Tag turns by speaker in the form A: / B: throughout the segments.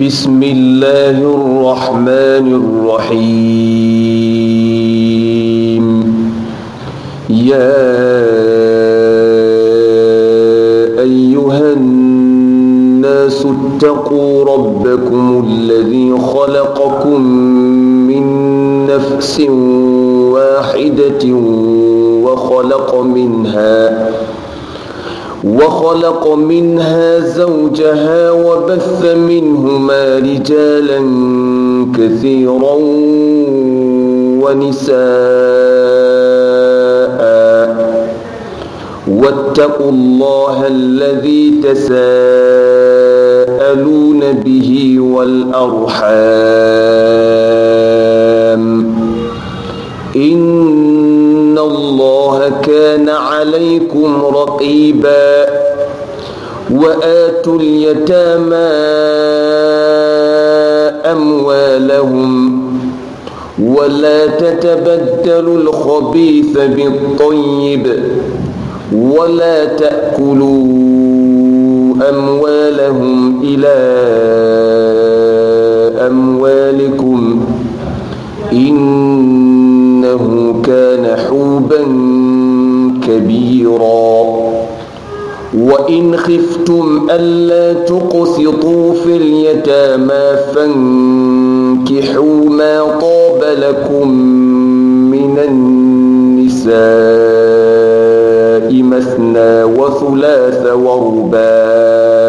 A: بسم الله الرحمن الرحيم يا أيها الناس اتقوا ربكم الذي خلقكم من نفس واحدة وخلق منها وخلق منها زوجها وبث منهما رجالا كثيرا ونساء واتقوا الله الذي تساءلون به والأرحام إن إن الله كان عليكم رقيبا وآتوا اليتامى أموالهم ولا تتبدلوا الخبيث بالطيب ولا تأكلوا أموالهم إلى أموالكم إنه كان حوبا كبيرا وإن خفتم ألا تقسطوا في اليتامى فانكحوا ما طاب لكم من النساء مثنى وثلاث ورباع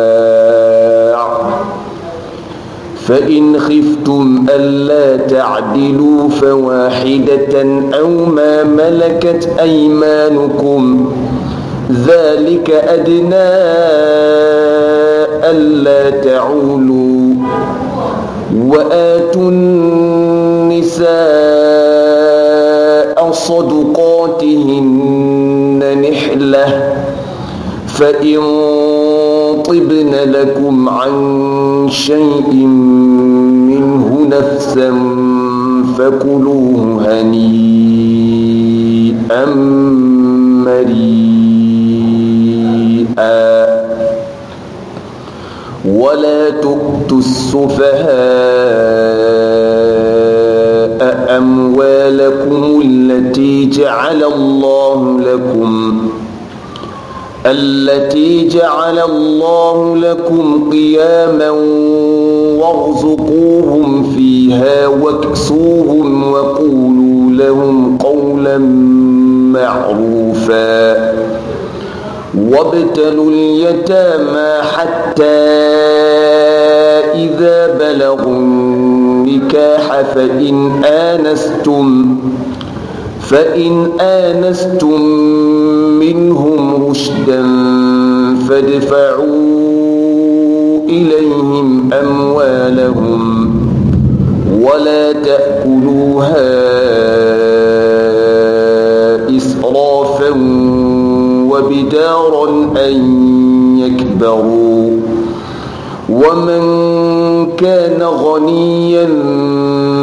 A: فإن خفتم ألا تعدلوا فواحدة أو ما ملكت أيمانكم ذلك أدنى ألا تعولوا وآتوا النساء صدقاتهن نحلة فإن طبن لكم عن شيء منه نفسا فكلوه هنيئا مريئا ولا تؤتوا السفهاء أموالكم التي جعل الله لكم التي جعل الله لكم قياما وارزقوهم فيها واكسوهم وقولوا لهم قولا معروفا وابتلوا اليتامى حتى إذا بلغوا النكاح فإن آنستم فإن آنستم منهم رشدا فادفعوا إليهم أموالهم ولا تأكلوها إسرافا وبدارا أن يكبروا ومن كان غنيا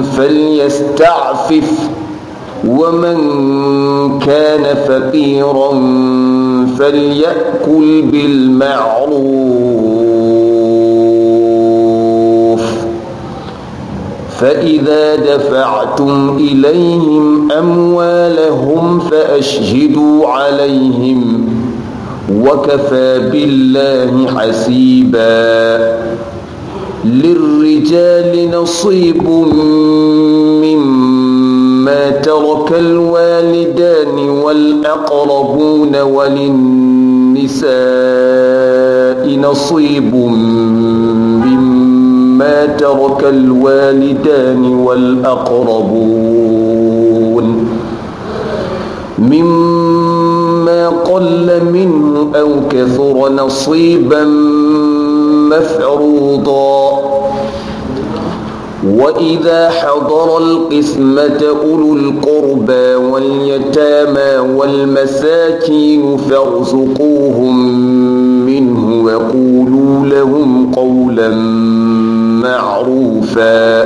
A: فليستعفف ومن كان فقيرا فليأكل بالمعروف فإذا دفعتم إليهم أموالهم فأشهدوا عليهم وكفى بالله حسيبا للرجال نصيب مما ترك الوالدان والأقربون وللنساء نصيب مما ترك الوالدان والأقربون مما قل منه أو كثر نصيبا مفعوضا وإذا حضر القسمة أولو القربى واليتامى والمساكين فارزقوهم منه وقولوا لهم قولا معروفا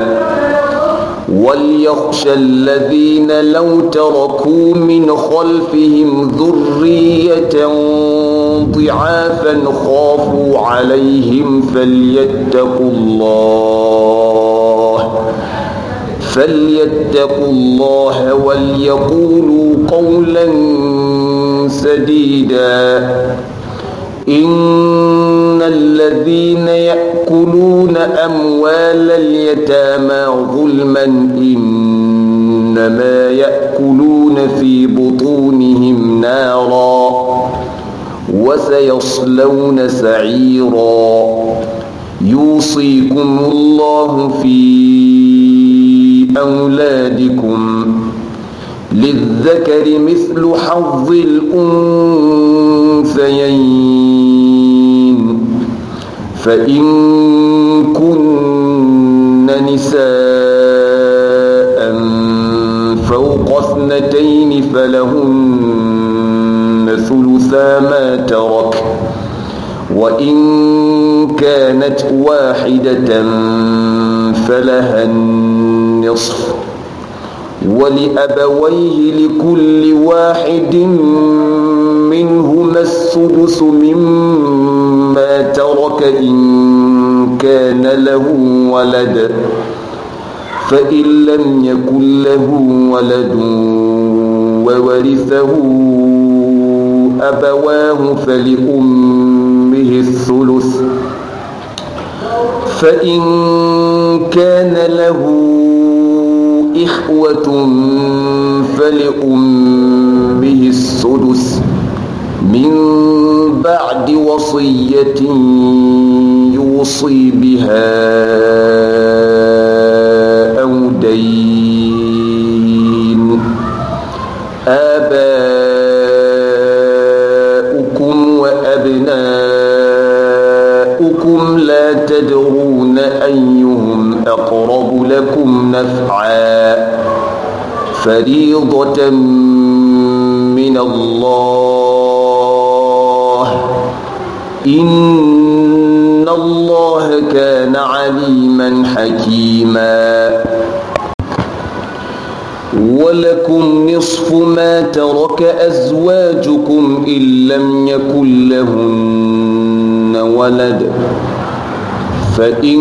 A: وليخشى الذين لو تركوا من خلفهم ذرية ضعافا خافوا عليهم فليتقوا الله فليتقوا الله وليقولوا قولا سديدا إن الذين يأكلون أموال اليتامى ظلما إنما يأكلون في بطونهم نارا وسيصلون سعيرا يوصيكم الله في أولادكم للذكر مثل حظ الأنثيين فإن كن نساء فوق اثنتين فلهن ثلثا ما ترك وإن كانت واحدة فلها النصف ولأبويه لكل واحد منهما السدس مما ترك إن كان له ولد فإن لم يكن له ولد وورثه أبواه فلأمه الثلث فإن كان له إخوة فلأمه السدس من بعد وصية يوصي بها أو دين آباؤكم وأبناؤكم لا تدرون أيهم أقرب لكم نفعا فريضة من الله إن الله كان عليما حكيما ولكم نصف ما ترك أزواجكم إن لم يكن لهن ولد فإن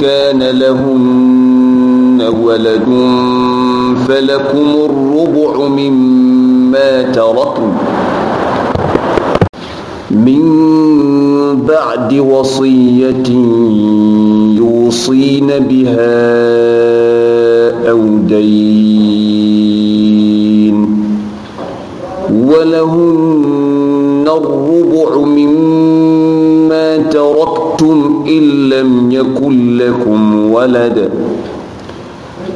A: كان لهن ولد فلكم الربع مما تركوا من بعد وصية يوصين بها أو دين ولهن الربع مما إن لم يكن لكم ولد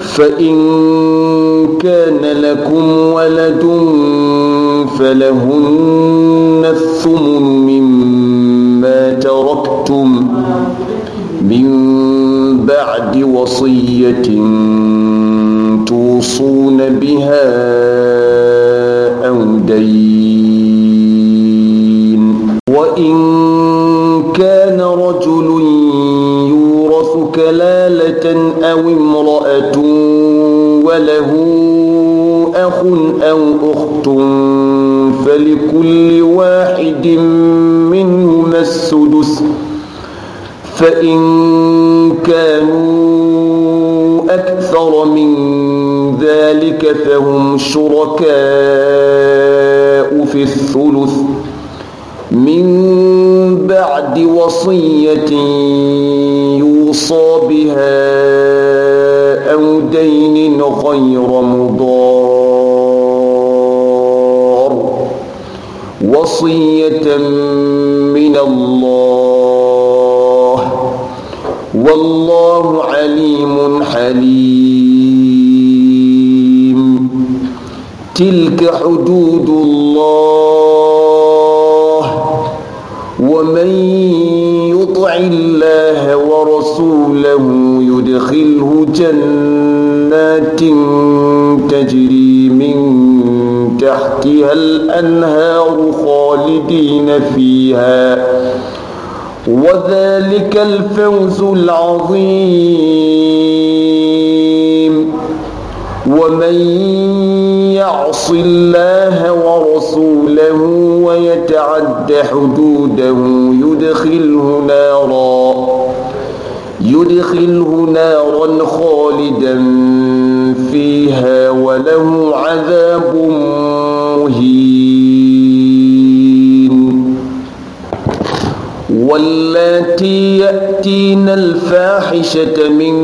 A: فإن كان لكم ولد فلهن الثمن مما تركتم من بعد وصية توصون بها أو دين وإن دلالة أو امرأة وله أخ أو أخت فلكل واحد منهما السدس فإن كانوا أكثر من ذلك فهم شركاء في الثلث من بعد وصية يوصى بها أو دين غير مضار وصية من الله والله عليم حليم تلك حدود الله أدخله جنات تجري من تحتها الأنهار خالدين فيها وذلك الفوز العظيم ومن يعص الله ورسوله ويتعد حدوده يدخله نارا يدخله نارا خالدا فيها وله عذاب مهين واللاتي يأتين الفاحشة من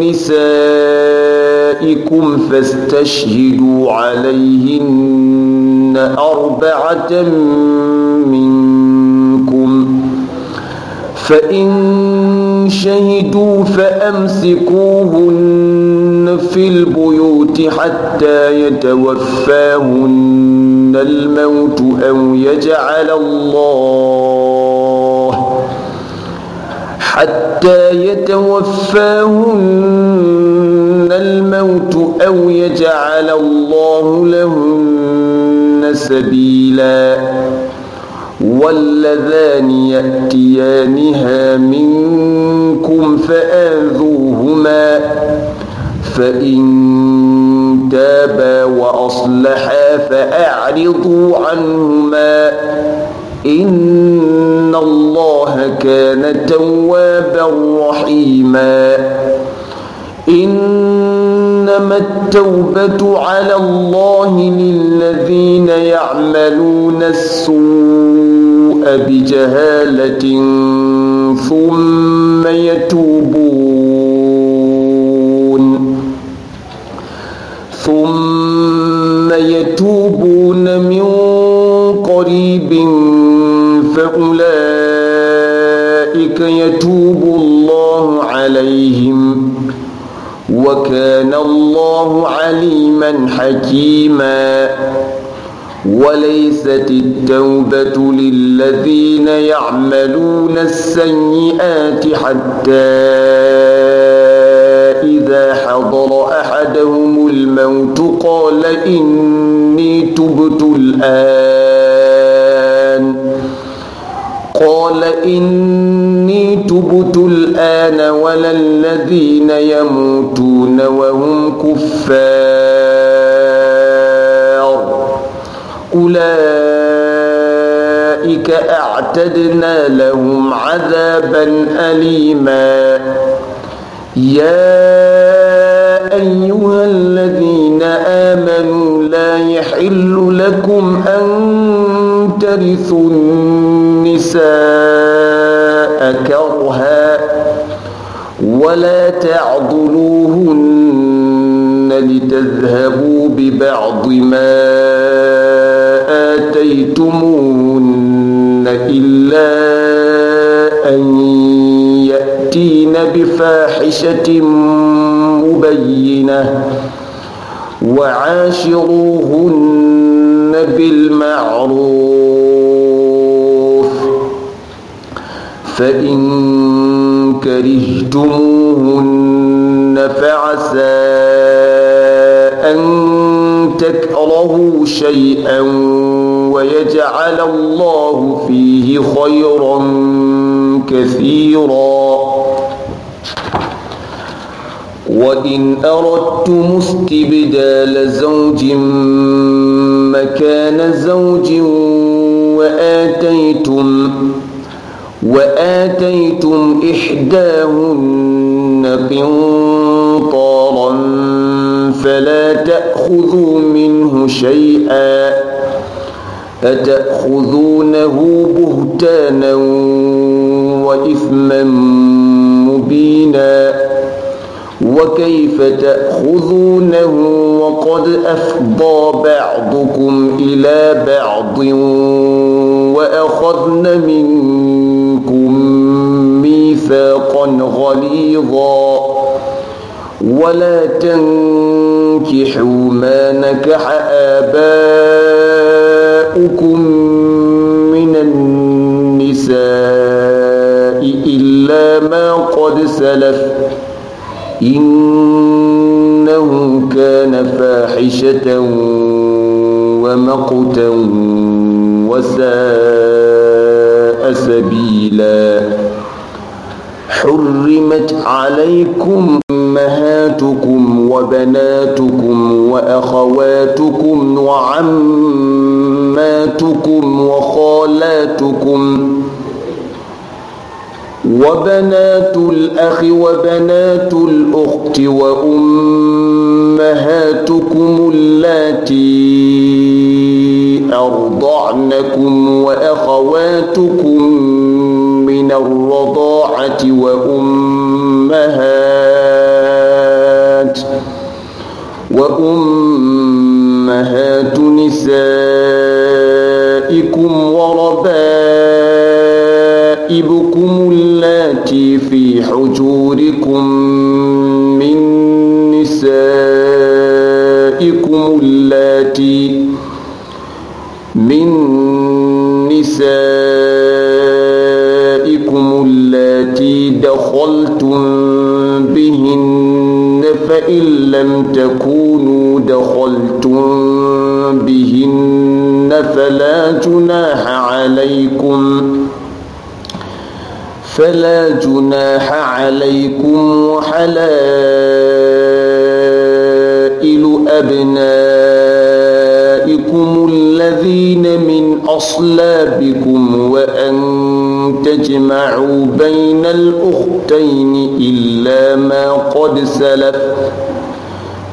A: نسائكم فاستشهدوا عليهن أربعة منكم فإن شهدوا فأمسكوهن في البيوت حتى يتوفاهن الموت أو يجعل الله حتى يتوفاهن الموت أو يجعل الله لهن سبيلاً واللذان يأتيانها منكم فآذوهما فإن تابا وأصلحا فأعرضوا عنهما إن الله كان توابا رحيما إن إنما التوبة على الله للذين يعملون السوء بجهالة ثم يتوبون ثم يتوبون من قريب فأولئك يتوب الله عليهم وكان الله عليما حكيما وليست التوبة للذين يعملون السيئات حتى إذا حضر أحدهم الموت قال إني تبت الآن قال إني تبت الآن ولا الذين يموتون وهم كفار أولئك أعتدنا لهم عذابا أليما يا أيها الذين آمنوا لا يحل لكم أن ترثوا النساء كرها ولا تعضلوهن لتذهبوا ببعض ما آتيتموهن إلا أن يأتين بفاحشة مبينة وعاشروهن بالمعروف فإن كرهتموهن فعسى أن تكرهوا شيئا ويجعل الله فيه خيرا كثيرا وإن أردتم استبدال زوج مكان زوج وآتيتم وآتيتم إحداهن قنطارا فلا تأخذوا منه شيئا أتأخذونه بهتانا وإثما مبينا وكيف تأخذونه وقد أفضى بعضكم إلى بعض وأخذن منكم نفاقا غليظا ولا تنكحوا ما نكح آباؤكم من النساء إلا ما قد سلف إنه كان فاحشة ومقتا وساء سبيلاً حرمت عليكم أمهاتكم وبناتكم وأخواتكم وعماتكم وخالاتكم وبنات الأخ وبنات الأخت وأمهاتكم اللاتي أرضعنكم وأخواتكم الرضاعة وأمهات وأمهات نسائكم وربائبكم اللاتي في حجوركم من نسائكم اللاتي من نسائكم دخلتم بهن فإن لم تكونوا دخلتم بهن فلا جناح عليكم فلا جناح عليكم وحلائل أبنائكم الذين من أصلابكم وأن تجمعوا بين الأختين إلا ما قد سلف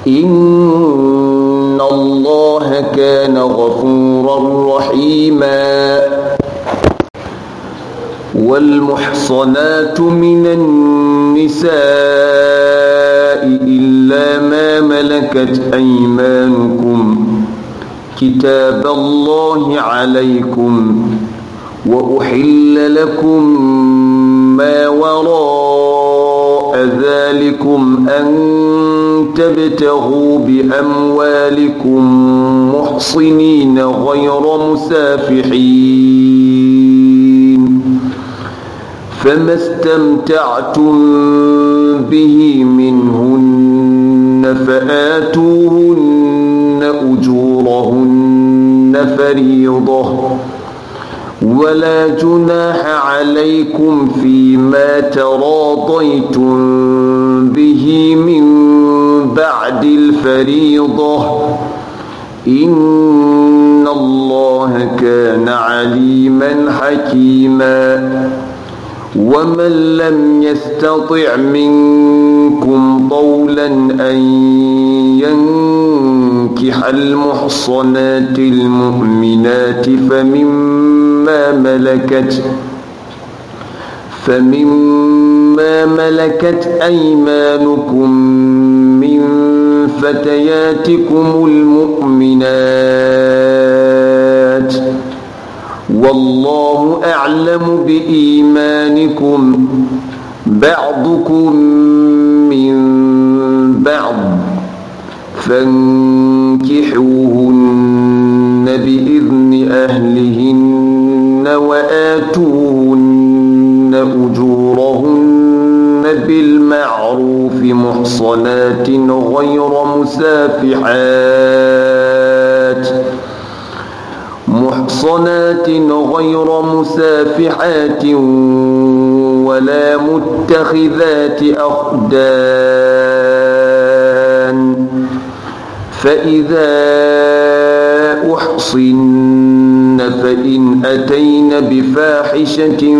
A: إن الله كان غفورا رحيما والمحصنات من النساء إلا ما ملكت أيمانكم كتاب الله عليكم وأحل لكم ما وراء ذلكم أن تبتغوا بأموالكم محصنين غير مسافحين فما استمتعتم به منهن فآتوهن أجورهن فريضة ولا جناح عليكم فيما تراضيتم به من بعد الفريضة إن الله كان عليما حكيما ومن لم يستطع منكم طولا أن ينقل ينكح المحصنات المؤمنات فمما ملكت فمما ملكت أيمانكم من فتياتكم المؤمنات والله أعلم بإيمانكم بعضكم من بعض فانكحوهن بإذن أهلهن وآتوهن أجورهن بالمعروف محصنات غير مسافحات محصنات غير مسافحات ولا متخذات أخدان فإذا أحصن فإن أتين بفاحشة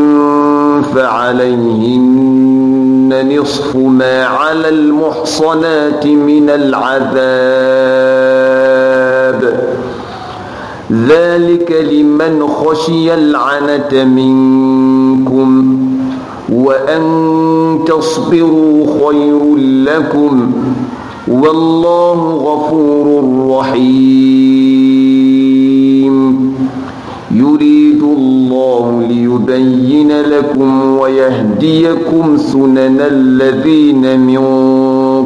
A: فعليهن نصف ما على المحصنات من العذاب ذلك لمن خشي العنة منكم وأن تصبروا خير لكم والله غفور رحيم يريد الله ليبين لكم ويهديكم سنن الذين من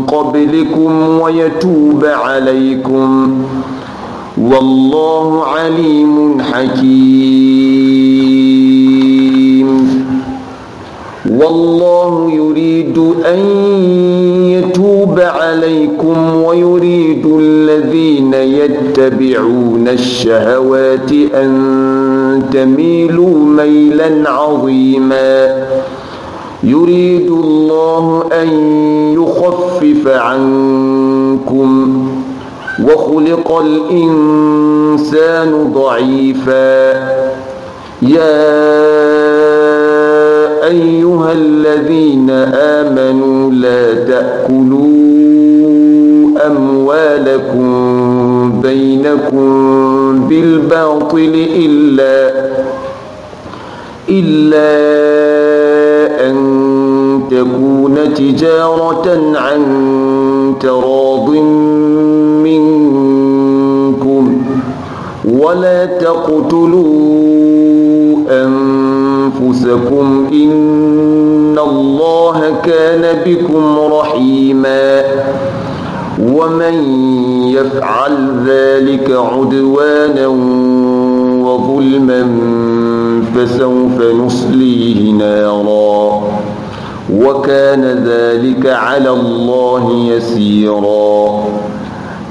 A: قبلكم ويتوب عليكم والله عليم حكيم والله يريد أن يتوب عليكم ويريد الذين يتبعون الشهوات أن تميلوا ميلا عظيما يريد الله أن يخفف عنكم وخلق الإنسان ضعيفا يا أيها الذين آمنوا لا تأكلوا لكم بينكم بالباطل إلا إلا أن تكون تجارة عن تراض منكم ولا تقتلوا أنفسكم إن الله كان بكم رحيماً ومن يفعل ذلك عدوانا وظلما فسوف نصليه نارا وكان ذلك على الله يسيرا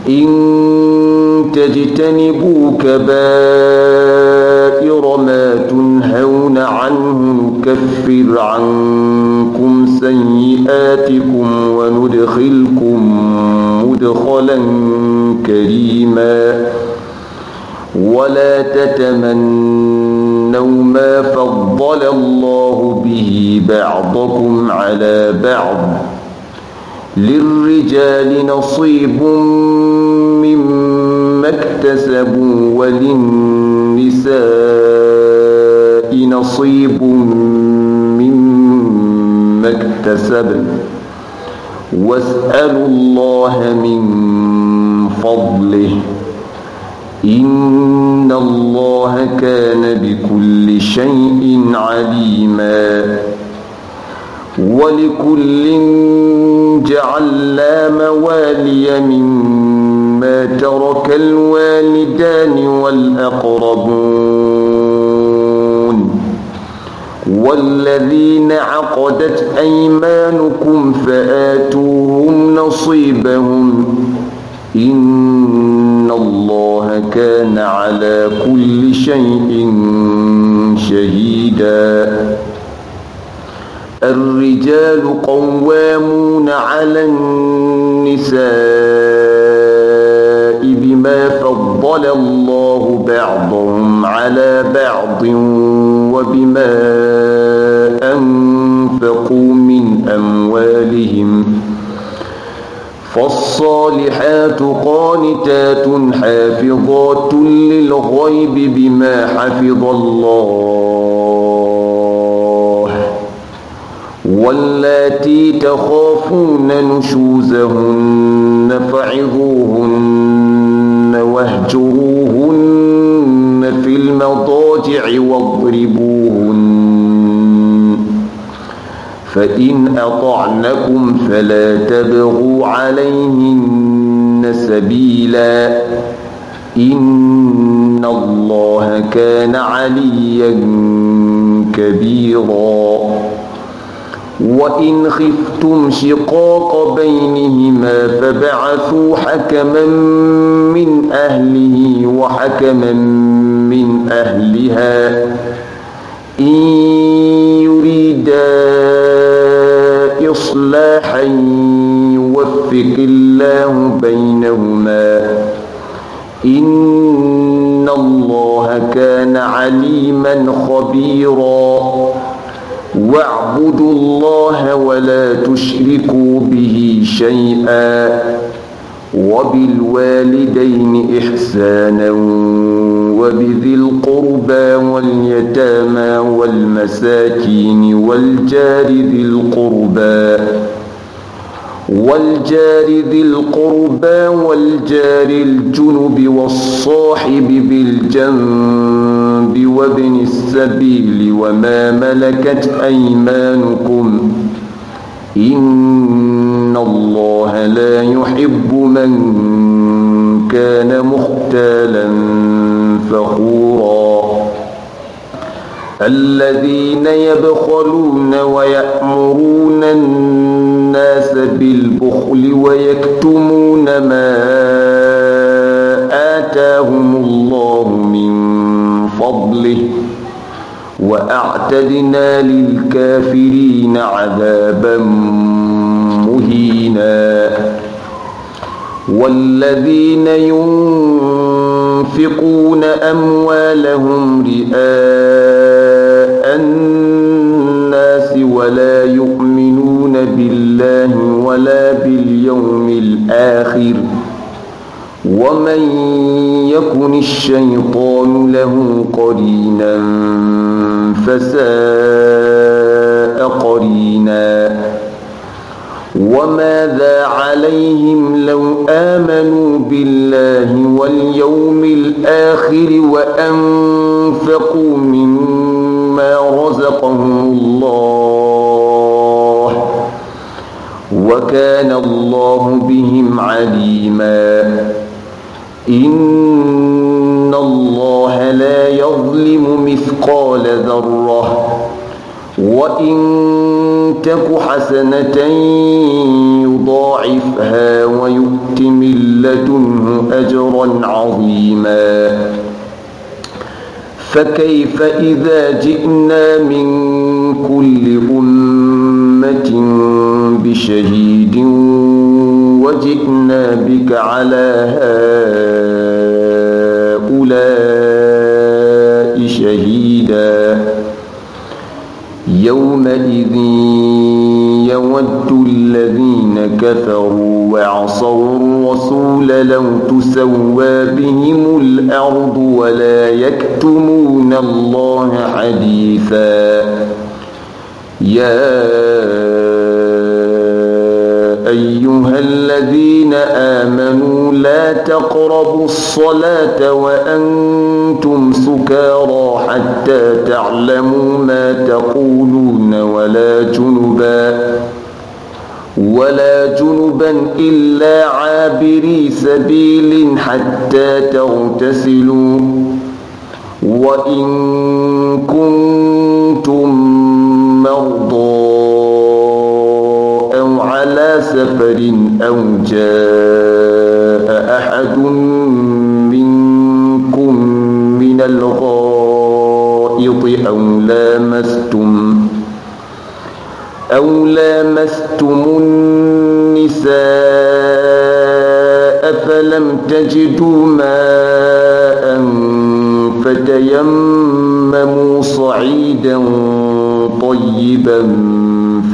A: إن تجتنبوا كبائر ما تنهون عنه نكفر عنكم سيئاتكم وندخلكم مدخلا كريما ولا تتمنوا ما فضل الله به بعضكم على بعض للرجال نصيب مما اكتسبوا وللنساء نصيب مما اكتسبن واسألوا الله من فضله إن الله كان بكل شيء عليما ولكل جعلنا موالي مما ترك الوالدان والأقربون والذين عقدت أيمانكم فآتوهم نصيبهم إن الله كان على كل شيء شهيدا الرجال قوامون على النساء بما فضل الله بعضهم على بعض وبما أنفقوا من أموالهم فالصالحات قانتات حافظات للغيب بما حفظ الله واللاتي تخافون نشوزهن فعظوهن واهجروهن في المضاجع واضربوهن فإن أطعنكم فلا تبغوا عليهن سبيلا إن الله كان عليا كبيرا وإن خفتم شقاق بينهما فبعثوا حكما من أهله وحكما من أهلها إن يريدا إصلاحا يوفق الله بينهما إن الله كان عليما خبيراً واعبدوا الله ولا تشركوا به شيئا وبالوالدين إحسانا وبذي القربى واليتامى والمساكين والجار ذي القربى والجار ذي القربى والجار الجنب والصاحب بالجنب وابن السبيل وما ملكت أيمانكم إن الله لا يحب من كان مختالا فخورا الذين يبخلون ويأمرون الناس الناس بالبخل ويكتمون ما آتاهم الله من فضله وأعتدنا للكافرين عذابا مهينا والذين ينفقون أموالهم رئاء الناس ولا يؤمنون بالله ولا باليوم الآخر ومن يكن الشيطان له قرينا فساء قرينا وماذا عليهم لو آمنوا بالله واليوم الآخر وأنفقوا مما رزقهم الله وكان الله بهم عليما إن الله لا يظلم مثقال ذرة وإن تك حسنة يضاعفها ويؤت من لدنه أجرا عظيما فكيف إذا جئنا من كل أمة أمة بشهيد وجئنا بك على هؤلاء شهيدا يومئذ يود الذين كفروا وعصوا الرسول لو تسوى بهم الأرض ولا يكتمون الله حديثا يا أيها الذين آمنوا لا تقربوا الصلاة وأنتم سكارى حتى تعلموا ما تقولون ولا جنبا ولا جنبا إلا عابري سبيل حتى تغتسلوا وإن كنتم مرضى أو على سفر أو جاء أحد منكم من الغائط أو لامستم أو لامستم النساء فلم تجدوا ماء فتيمموا صعيدا طيبا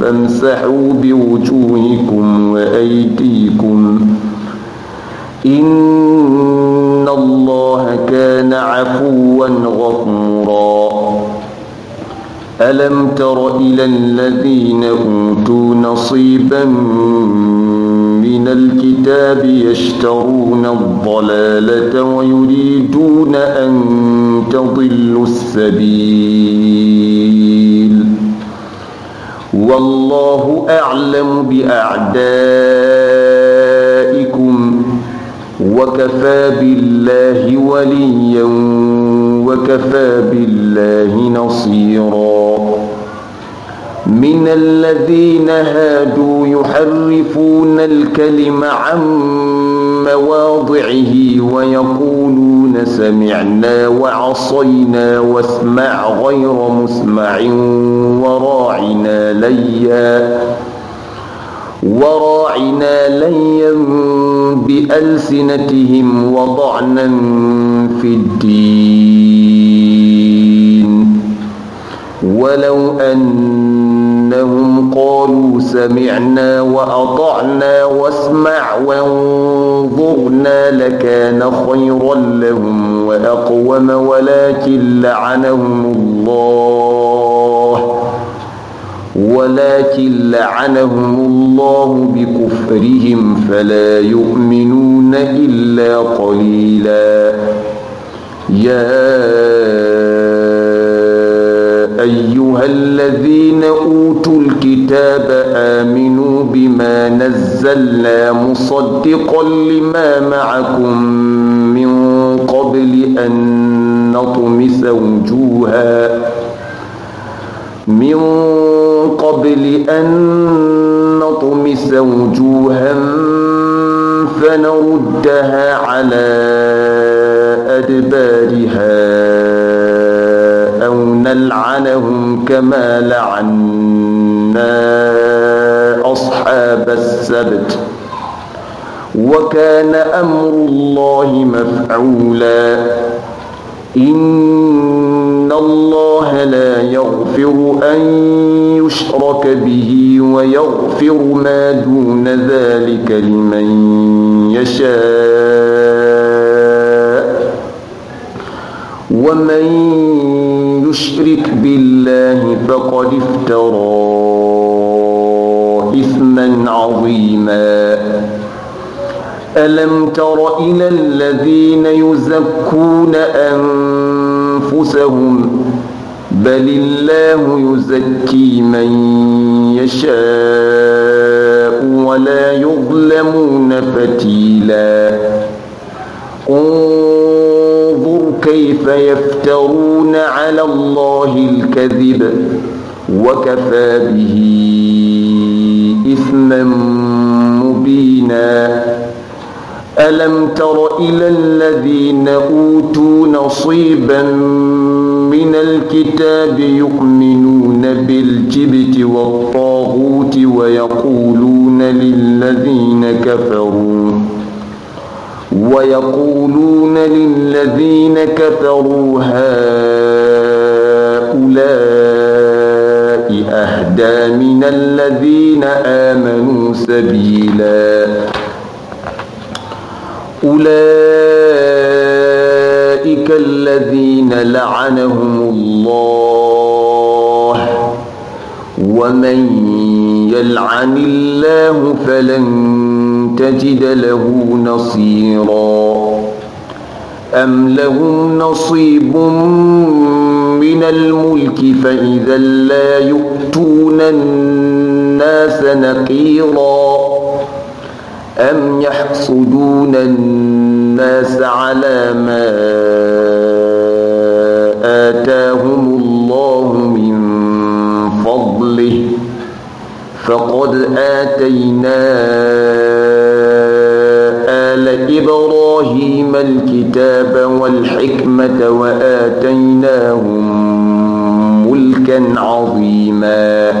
A: فامسحوا بوجوهكم وأيديكم إن الله كان عفوا غفورا ألم تر إلى الذين أوتوا نصيبا من الكتاب يشترون الضلالة ويريدون أن تضلوا السبيل والله أعلم بأعدائكم وكفى بالله وليا وكفى بالله نصيرا من الذين هادوا يحرفون الكلم عن مواضعه ويقولون سمعنا وعصينا واسمع غير مسمع وراء ليا وراعنا ليا بألسنتهم وضعنا في الدين ولو أنهم قالوا سمعنا وأطعنا واسمع وانظرنا لكان خيرا لهم وأقوم ولكن لعنهم الله ولكن لعنهم الله بكفرهم فلا يؤمنون إلا قليلا يا أيها الذين أوتوا الكتاب آمنوا بما نزلنا مصدقا لما معكم من قبل أن نطمس وجوهاً من قبل أن نطمس وجوها فنردها على أدبارها أو نلعنهم كما لعنا أصحاب السبت وكان أمر الله مفعولا إن إن الله لا يغفر أن يشرك به ويغفر ما دون ذلك لمن يشاء ومن يشرك بالله فقد افترى إثما عظيما ألم تر إلى الذين يزكون أن أنفسهم بل الله يزكي من يشاء ولا يظلمون فتيلا انظر كيف يفترون على الله الكذب وكفى به إثما مبينا ألم تر إلى الذين أوتوا نصيبا من الكتاب يؤمنون بالجبت والطاغوت ويقولون للذين كفروا ويقولون للذين كفروا هؤلاء أهدى من الذين آمنوا سبيلاً أولئك الذين لعنهم الله ومن يلعن الله فلن تجد له نصيرا أم لهم نصيب من الملك فإذا لا يؤتون الناس نقيراً أم يحصدون الناس على ما آتاهم الله من فضله فقد آتينا آل إبراهيم الكتاب والحكمة وآتيناهم ملكا عظيما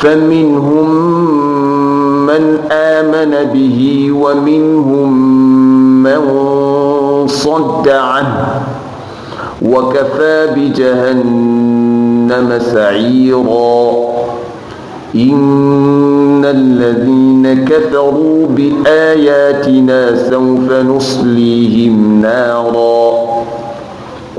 A: فمنهم من آمن به ومنهم من صد عنه وكفى بجهنم سعيرا إن الذين كفروا بآياتنا سوف نصليهم نارا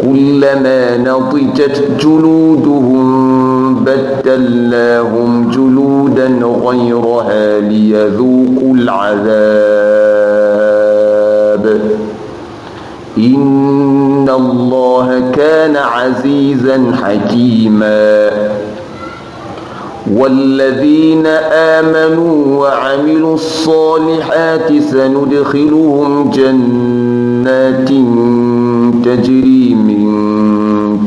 A: كلما نضجت جلودهم بدلناهم جلودا غيرها ليذوقوا العذاب إن الله كان عزيزا حكيما والذين آمنوا وعملوا الصالحات سندخلهم جنات تجري من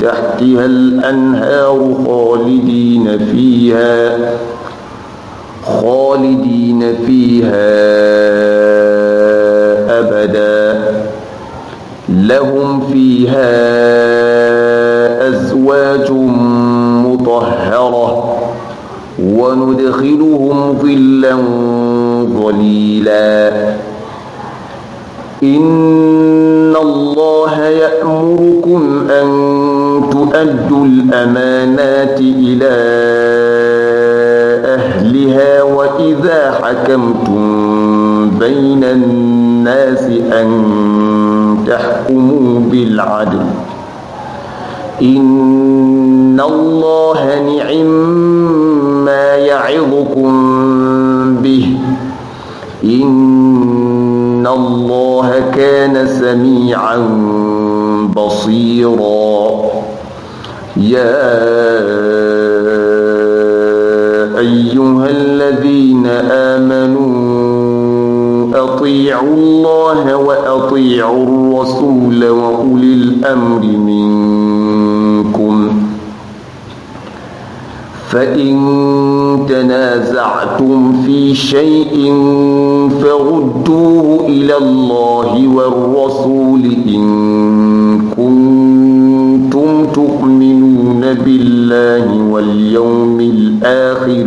A: تحتها الأنهار خالدين فيها خالدين فيها أبدا لهم فيها أزواج مطهرة وندخلهم ظلا ظليلا إن الله يأمركم أن تؤدوا الأمانات إلى أهلها وإذا حكمتم بين الناس أن تحكموا بالعدل إن الله نعم ما يعظكم به إن إن الله كان سميعا بصيرا يا أيها الذين آمنوا أطيعوا الله وأطيعوا الرسول وأولي الأمر منكم فإن تنازعتم في شيء فردوه إلى الله والرسول إن كنتم تؤمنون بالله واليوم الآخر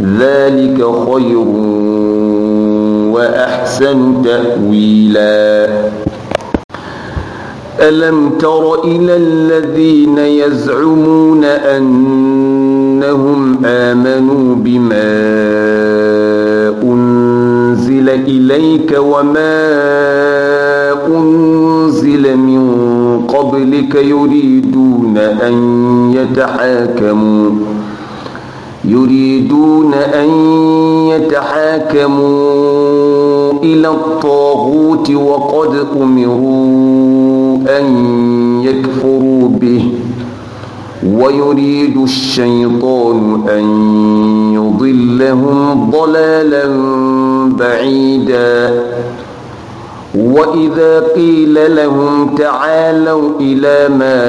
A: ذلك خير وأحسن تأويلاً ألم تر إلى الذين يزعمون أنهم آمنوا بما أنزل إليك وما أنزل من قبلك يريدون أن يتحاكموا يريدون أن يتحاكموا إلى الطاغوت وقد أمروا أن يكفروا به ويريد الشيطان أن يضلهم ضلالا بعيدا وإذا قيل لهم تعالوا إلى ما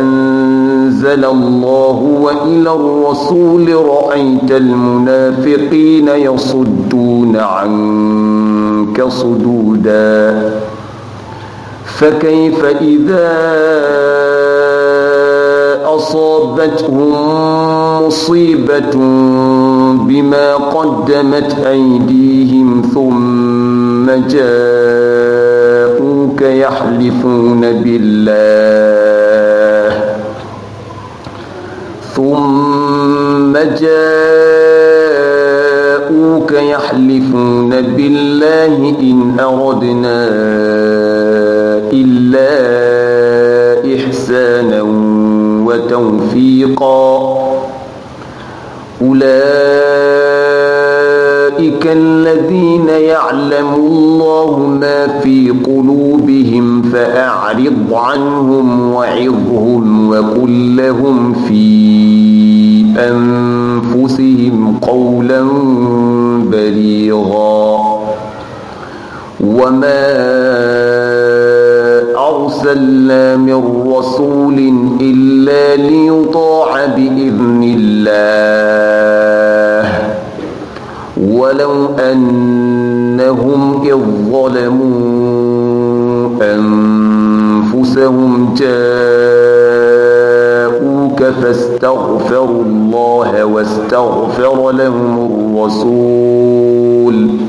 A: أنزل الله وإلى الرسول رأيت المنافقين يصدون عنك صدوداً فكيف إذا أصابتهم مصيبة بما قدمت أيديهم ثم جاءوك يحلفون بالله ثم جاءوك يحلفون بالله إن أردنا إلا إحسانا وتوفيقا أولئك الذين يعلم الله ما في قلوبهم فأعرض عنهم وعظهم وقل لهم في أنفسهم قولا بليغا وما أرسلنا من رسول إلا ليطاع بإذن الله ولو أنهم إذ ظلموا أنفسهم جاءوك فاستغفروا الله واستغفر لهم الرسول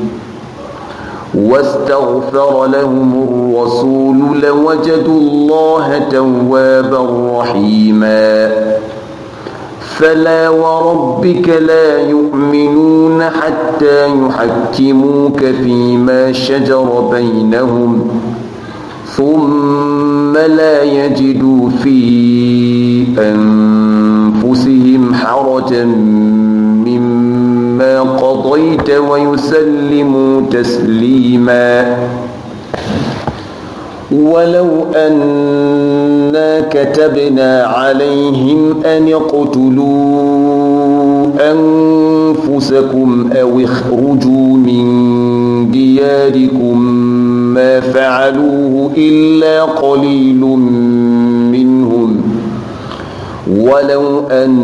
A: واستغفر لهم الرسول لوجدوا الله توابا رحيما فلا وربك لا يؤمنون حتى يحكموك فيما شجر بينهم ثم لا يجدوا في أنفسهم حرجا ما قضيت ويسلموا تسليما ولو أنا كتبنا عليهم أن اقتلوا أنفسكم أو اخرجوا من دياركم ما فعلوه إلا قليل منهم
B: ولو
A: أن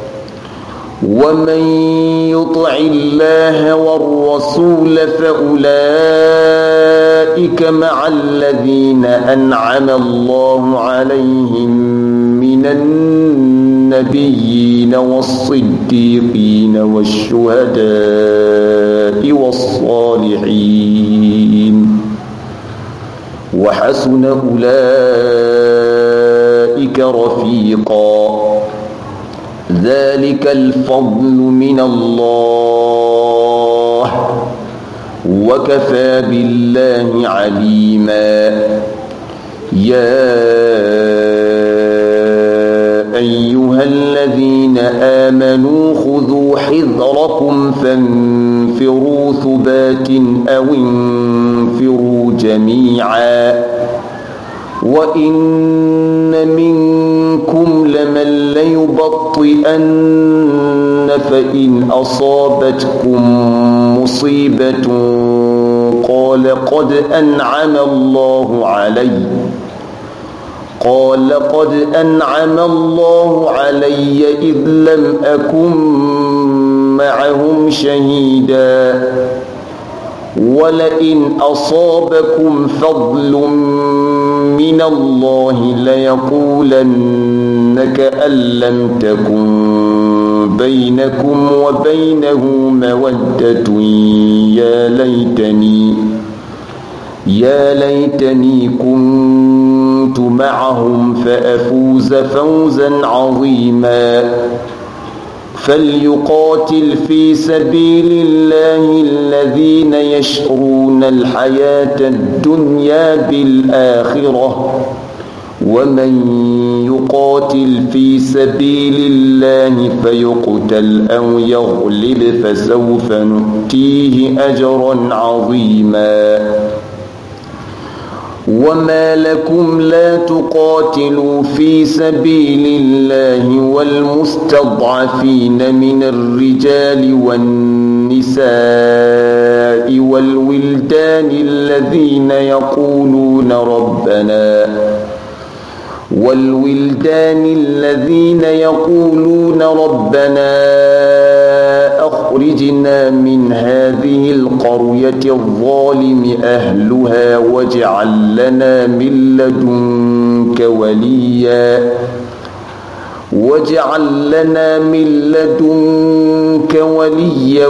A: ومن يطع الله والرسول فأولئك مع الذين أنعم الله عليهم من النبيين والصديقين والشهداء والصالحين وحسن أولئك رفيقاً ذلك الفضل من الله وكفى بالله عليما يا أيها الذين آمنوا خذوا حذركم فانفروا ثبات أو انفروا جميعاً وإن منكم لمن ليبطئن فإن أصابتكم مصيبة قال قد أنعم الله علي قال قد أنعم الله علي إذ لم أكن معهم شهيداً ولئن أصابكم فضل من الله ليقولن كأن لم تكن بينكم وبينه مودة يا ليتني يا ليتني كنت معهم فأفوز فوزا عظيما فليقاتل في سبيل الله الذين يشرون الحياة الدنيا بالآخرة ومن يقاتل في سبيل الله فيقتل أو يغلب فسوف نؤتيه أجرا عظيما وما لكم لا تقاتلوا في سبيل الله والمستضعفين من الرجال والنساء والولدان الذين يقولون ربنا والولدان الذين يقولون ربنا أخرجنا من هذه القرية الظالم أهلها واجعل لنا من لدنك وليا واجعل لنا من لدنك وليا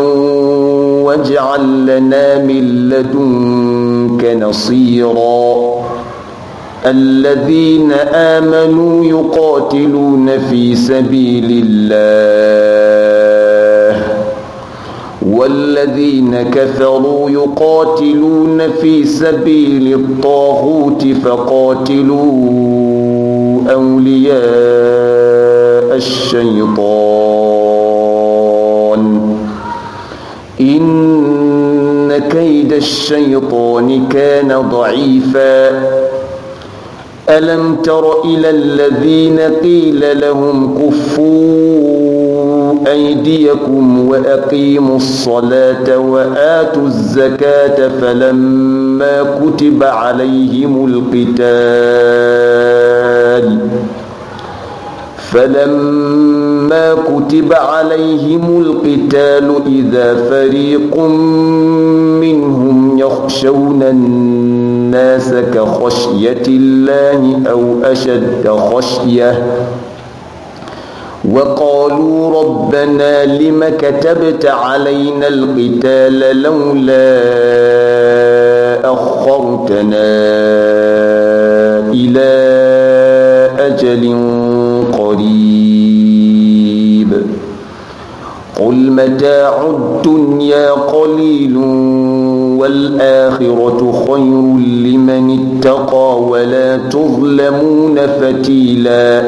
A: واجعل لنا من لدنك نصيرا الذين آمنوا يقاتلون في سبيل الله والذين كفروا يقاتلون في سبيل الطاغوت فقاتلوا أولياء الشيطان إن كيد الشيطان كان ضعيفا ألم تر إلى الذين قيل لهم كفوا أيديكم وأقيموا الصلاة وآتوا الزكاة فلما كتب عليهم القتال فلما كتب عليهم القتال إذا فريق منهم يخشون الناس كخشية الله أو أشد خشية وقالوا ربنا لم كتبت علينا القتال لولا أخرتنا إلى أجل قريب قل متاع الدنيا قليل والآخرة خير لمن اتقى ولا تظلمون فتيلاً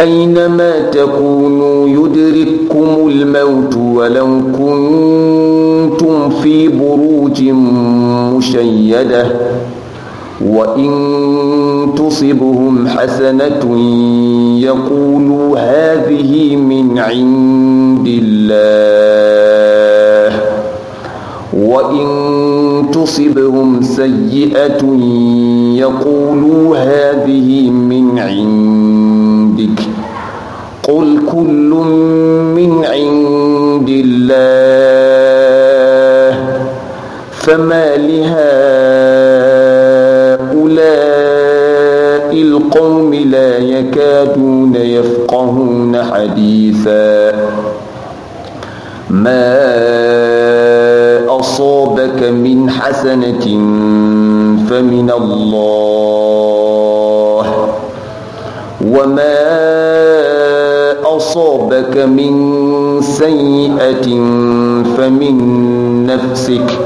A: أينما تكونوا يدرككم الموت ولو كنتم في بروج مشيدة وإن تصبهم حسنة يقولوا هذه من عند الله وإن تصبهم سيئة يقولوا هذه من عند عندك قل كل من عند الله فما لهؤلاء القوم لا يكادون يفقهون حديثا ما أصابك من حسنة فمن الله وما أصابك من سيئة فمن نفسك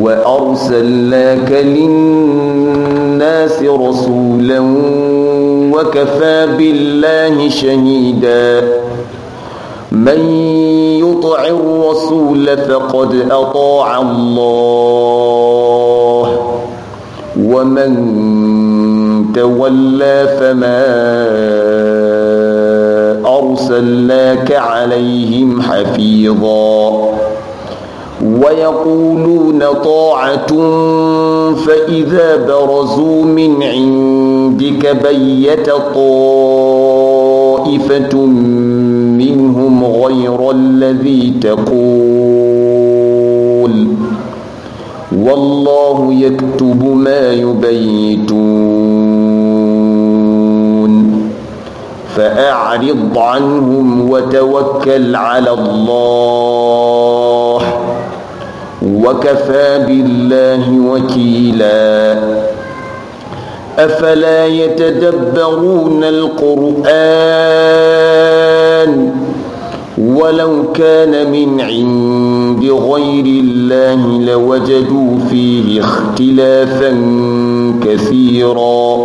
A: وأرسلناك للناس رسولا وكفى بالله شهيدا من يطع الرسول فقد أطاع الله ومن تولى فما أرسلناك عليهم حفيظا ويقولون طاعة فإذا برزوا من عندك بيت طائفة منهم غير الذي تقول والله يكتب ما يبيتون فأعرض عنهم وتوكل على الله وكفى بالله وكيلا أفلا يتدبرون القرآن ولو كان من عند غير الله لوجدوا فيه اختلافا كثيرا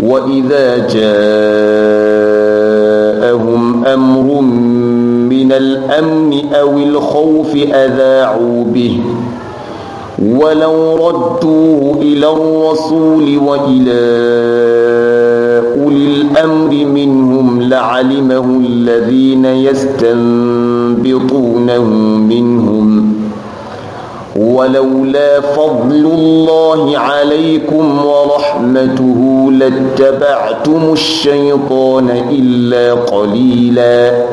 A: وإذا جاءهم أمر من الأمن أو الخوف أذاعوا به ولو ردوه إلى الرسول وإلى أولي الأمر منهم لعلمه الذين يستنبطونه منهم ولولا فضل الله عليكم ورحمته لاتبعتم الشيطان إلا قليلا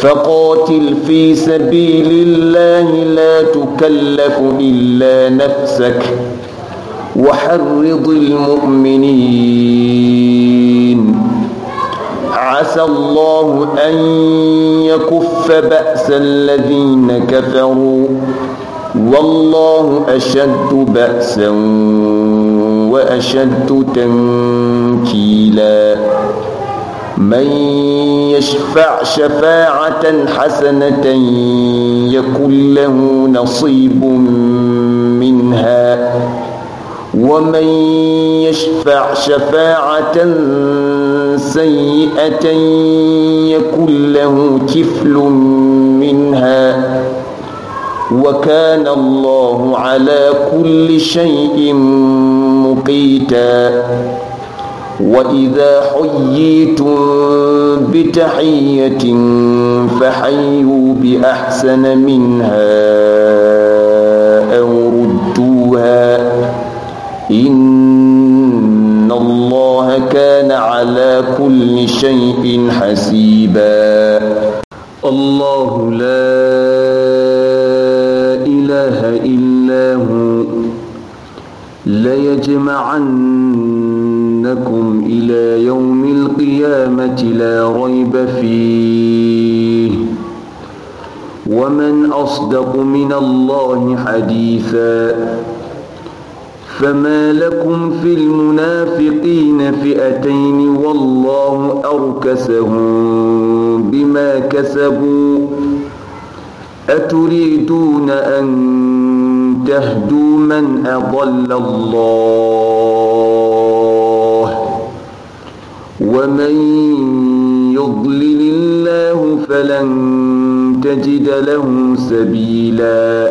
A: فقاتل في سبيل الله لا تكلف إلا نفسك وحرض المؤمنين عسى الله أن يكف بأس الذين كفروا والله أشد بأسا وأشد تنكيلا من يشفع شفاعة حسنة يكن له نصيب منها ومن يشفع شفاعة سيئة يكن له كفل منها وكان الله على كل شيء مقيتا وإذا حييتم بتحية فحيوا بأحسن منها أو ردوها إن الله كان على كل شيء حسيبا الله لا إلا هو ليجمعنكم إلى يوم القيامة لا ريب فيه ومن أصدق من الله حديثا فما لكم في المنافقين فئتين والله أركسهم بما كسبوا أتريدون أن تهدوا من أضل الله ومن يضلل الله فلن تجد له سبيلا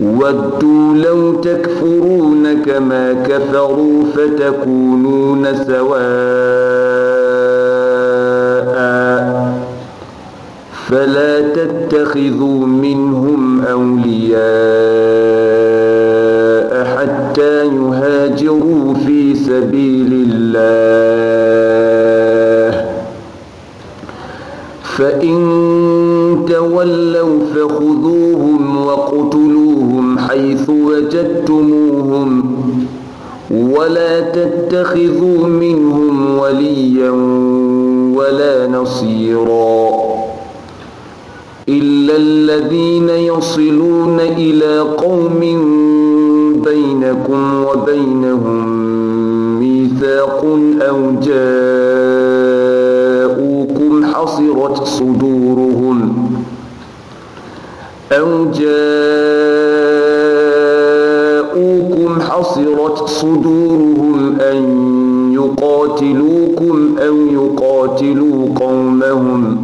A: ودوا لو تكفرون كما كفروا فتكونون سواء فلا تتخذوا منهم أولياء حتى يهاجروا في سبيل الله فإن تولوا فخذوهم وقتلوهم حيث وجدتموهم ولا تتخذوا منهم وليا ولا نصيرا إلا الذين يصلون إلى قوم بينكم وبينهم ميثاق أو جاءوكم حصرت صدورهم أو جاءوكم حصرت صدورهم أن يقاتلوكم أو يقاتلوا قومهم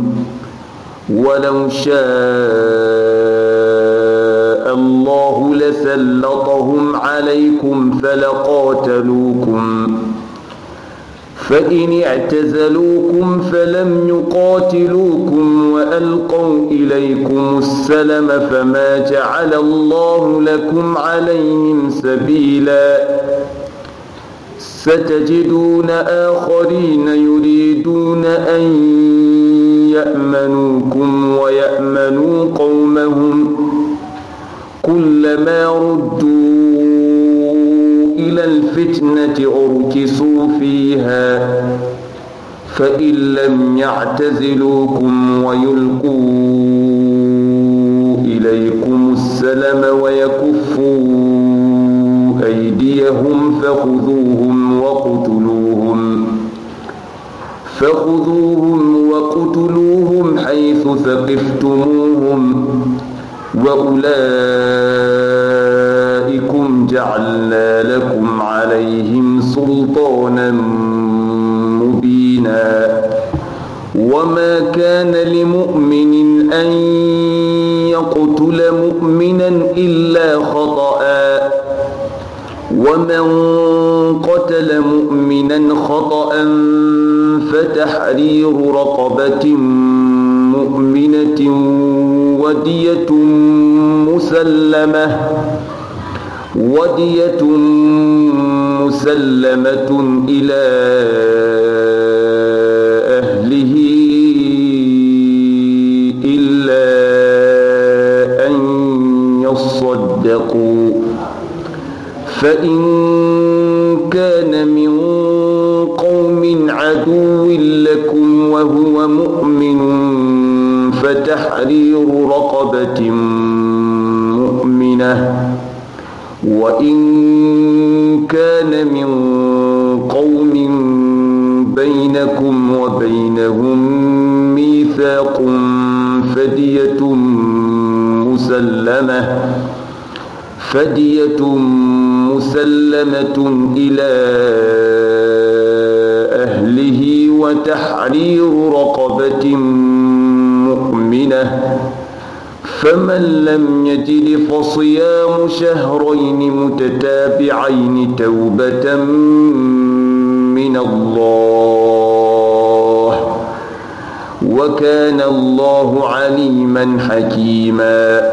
A: ولو شاء الله لسلطهم عليكم فلقاتلوكم فإن اعتزلوكم فلم يقاتلوكم وألقوا إليكم السلم فما جعل الله لكم عليهم سبيلا ستجدون آخرين يريدون أن ليأمنوكم ويأمنوا قومهم كلما ردوا إلى الفتنة أركسوا فيها فإن لم يعتزلوكم ويلقوا إليكم السلم ويكفوا أيديهم فخذوهم فخذوهم وقتلوهم حيث ثقفتموهم وأولئكم جعلنا لكم عليهم سلطانا مبينا وما كان لمؤمن أن يقتل مؤمنا إلا خطأ ومن قتل مؤمنا خطأ فتحرير رقبة مؤمنة ودية مسلمة ودية مسلمة إلى أهله إلا أن يصدقوا فإن فدية مسلمة إلى أهله وتحرير رقبة مؤمنة فمن لم يجد فصيام شهرين متتابعين توبة من الله وكان الله عليما حكيما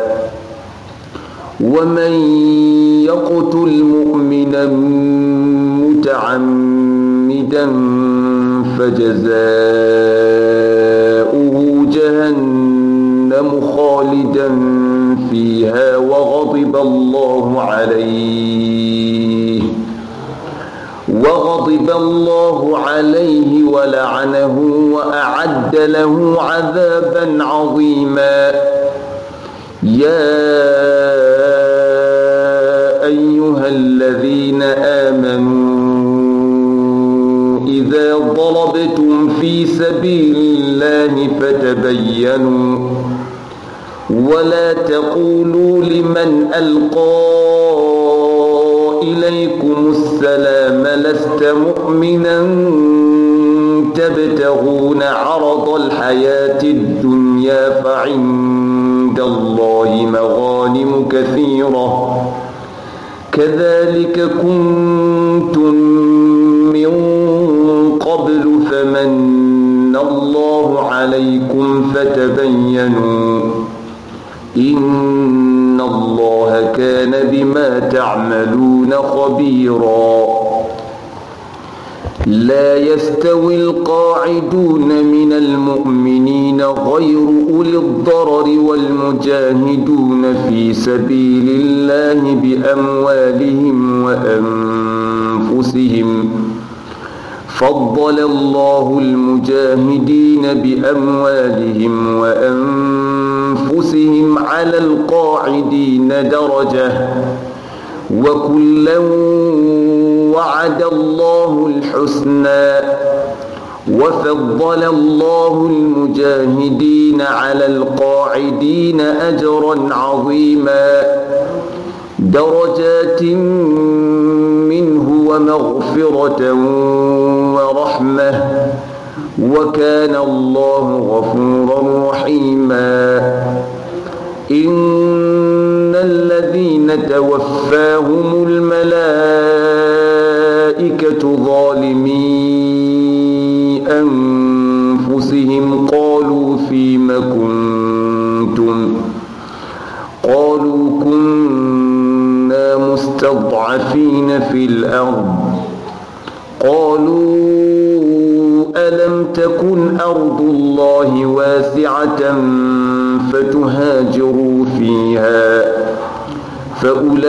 A: ومن يقتل مؤمنا متعمدا فجزاؤه جهنم خالدا فيها وغضب الله عليه وغضب الله عليه ولعنه وأعد له عذابا عظيما يا سبيل الله فتبينوا ولا تقولوا لمن ألقى إليكم السلام لست مؤمنا تبتغون عرض الحياة الدنيا فعند الله مغانم كثيرة كذلك كنتم عليكم فتبينوا إن الله كان بما تعملون خبيراً لا يستوي القاعدون من المؤمنين غير أولي الضرر والمجاهدون في سبيل الله بأموالهم وأنفسهم فضل الله المجاهدين بأموالهم وأنفسهم على القاعدين درجة وكلا وعد الله الحسنى وفضل الله المجاهدين على القاعدين أجرا عظيما درجات منه ومغفرة الرحمة وكان الله غفورا رحيما إن الذين توفاهم الملائكة ظالمي أنفسهم قالوا فيما كنتم قالوا كنا مستضعفين في الأرض قالوا ألم تكن أرض الله واسعة فتهاجروا فيها فأولئك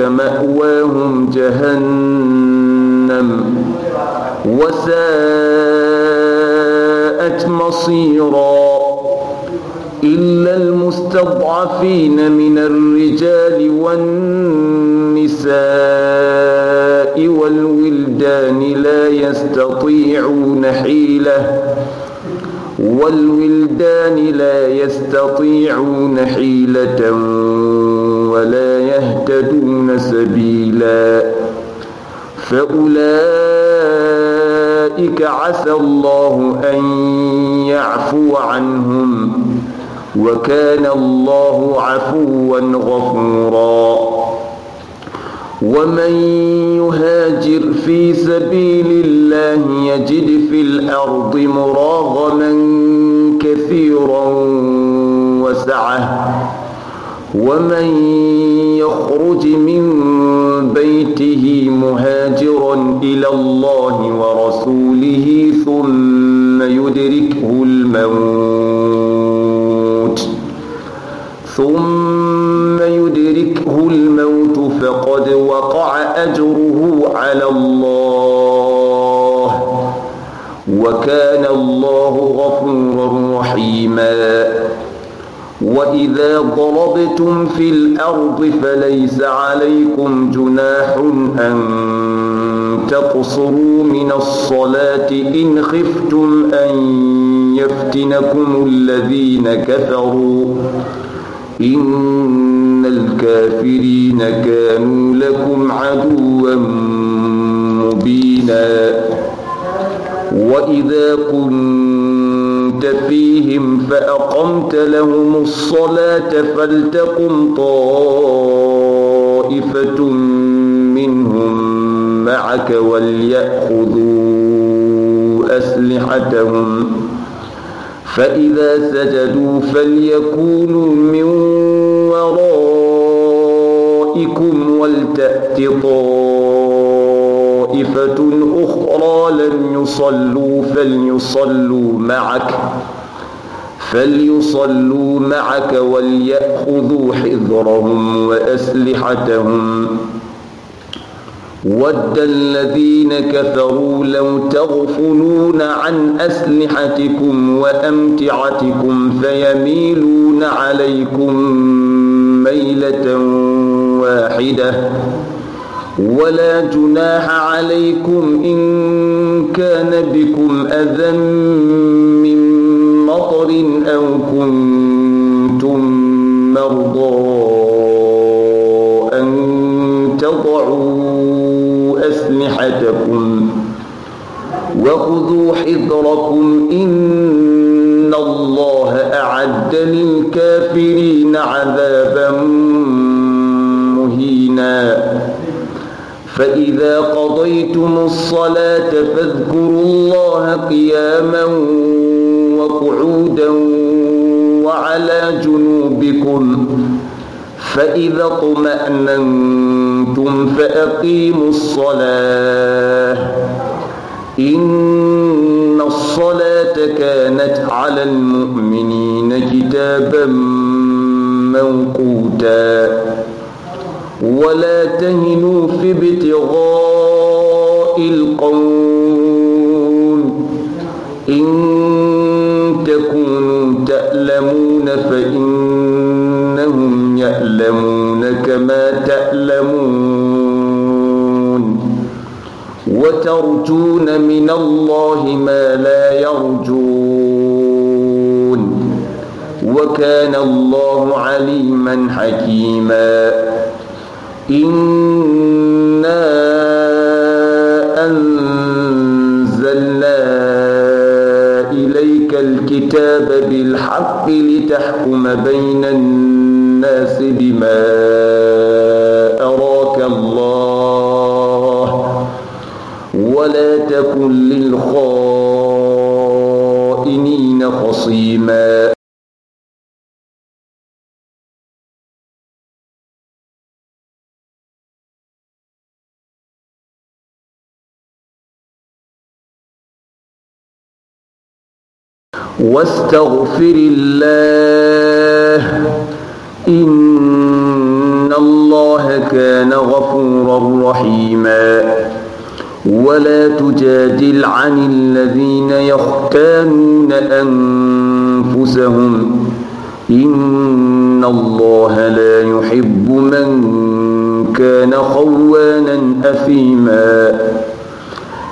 A: مأواهم جهنم وساءت مصيراً إلا المستضعفين من الرجال والنساء والولدان لا يستطيعون حيلة والولدان لا يستطيعون حيلة ولا يهتدون سبيلا فأولئك عسى الله أن يعفو عنهم وكان الله عفوا غفورا ومن يهاجر في سبيل الله يجد في الأرض مراغما كثيرا وسعة ومن يخرج من بيته مهاجرا إلى الله ورسوله ثم يدركه الموت ثم يدركه الموت فقد وقع أجره على الله
B: وكان
A: الله غفورا رحيما وإذا ضربتم في الأرض فليس عليكم جناح أن تقصروا من الصلاة إن خفتم أن يفتنكم الذين كفروا إن الكافرين كانوا لكم عدوا مبينا وإذا كنت فيهم فأقمت لهم الصلاة فلتقم طائفة منهم معك وليأخذوا أسلحتهم فإذا سجدوا فليكونوا من ورائكم ولتأت طائفة أخرى لم يصلوا فليصلوا معك فليصلوا معك وليأخذوا حذرهم وأسلحتهم ۖ ود الذين كفروا لو تغفلون عن أسلحتكم وأمتعتكم فيميلون عليكم ميلة واحدة ولا جناح عليكم إن كان بكم أذى من مطر أو كنت أسلحتكم وخذوا حذركم إن الله أعد للكافرين عذابا مهينا فإذا قضيتم الصلاة فاذكروا الله قياما وقعودا وعلى جنوبكم فإذا اطمأننتم كنتم فأقيموا الصلاة إن الصلاة كانت على المؤمنين كتابا موقوتا ولا تهنوا في ابتغاء القول إن تكونوا تألمون فإن ترجون من الله ما لا يرجون وكان الله عليما حكيما إنا أنزلنا إليك الكتاب بالحق لتحكم بين الناس بما أراك الله ولا تكن للخائنين خصيما واستغفر الله إن الله كان غفورا رحيما ولا تجادل عن الذين يختانون أنفسهم إن الله لا يحب من كان خوانا أثيما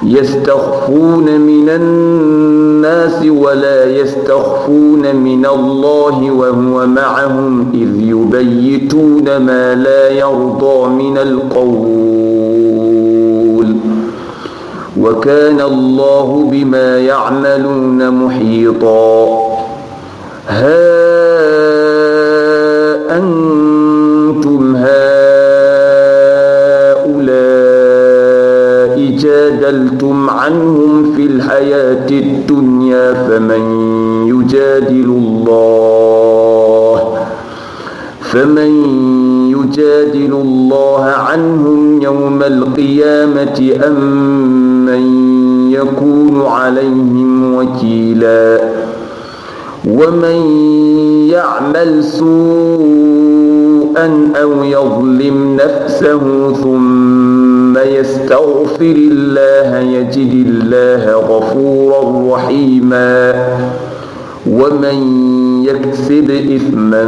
A: يستخفون من الناس ولا يستخفون من الله وهو معهم إذ يبيتون ما لا يرضى من القول وكان الله بما يعملون محيطا ها أنتم هؤلاء جادلتم عنهم في الحياة الدنيا فمن يجادل الله فمن يجادل الله عنهم يوم القيامة أم من يكون عليهم وكيلا ومن يعمل سوءا أو يظلم نفسه ثم يستغفر الله يجد الله غفورا رحيما ومن يكسب إثما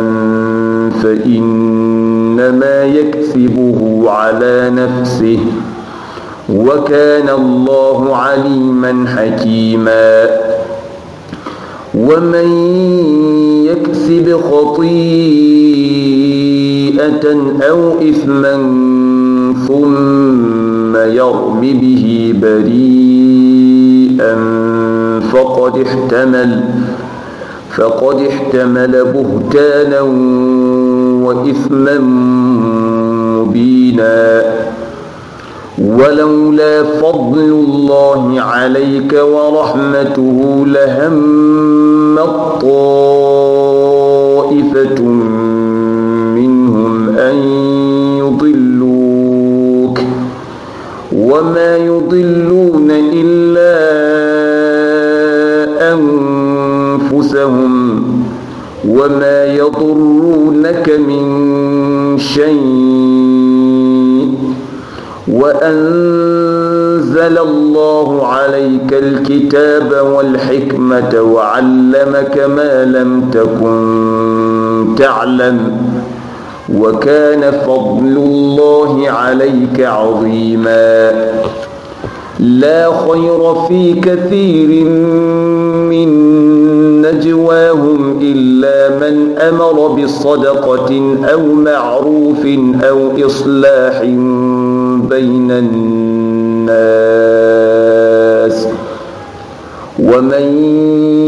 A: فإنما يكسبه على نفسه وكان الله عليما حكيما ومن يكسب خطيئة أو إثما ثم يرم به بريئا فقد احتمل فقد احتمل بهتانا وإثما مبينا ولولا فضل الله عليك ورحمته لهم طائفة منهم أن يضلوك وما يضلون إلا أنفسهم وما يضرونك من شيء وأنزل الله عليك الكتاب والحكمة وعلمك ما لم تكن تعلم وكان فضل الله عليك عظيما لا خير في كثير من نجواهم إلا من أمر بصدقة أو معروف أو إصلاح بين الناس ومن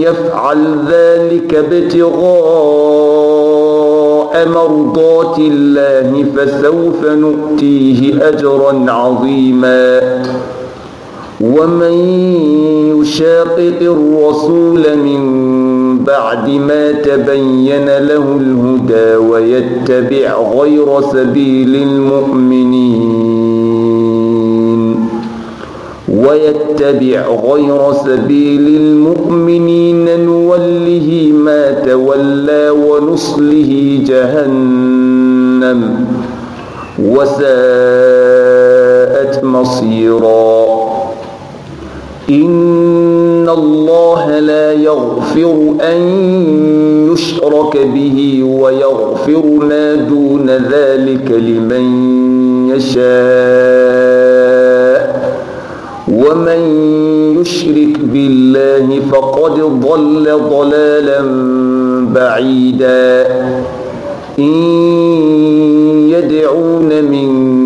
A: يفعل ذلك ابتغاء مرضات الله فسوف نؤتيه أجرا عظيما ومن يشاقق الرسول من بعد ما تبين له الهدى ويتبع غير سبيل المؤمنين ويتبع غير سبيل المؤمنين نوله ما تولى ونصله جهنم وساءت مصيراً إن الله لا يغفر أن يشرك به ويغفر ما دون ذلك لمن يشاء ومن يشرك بالله فقد ضل ضلالا بعيدا إن يدعون من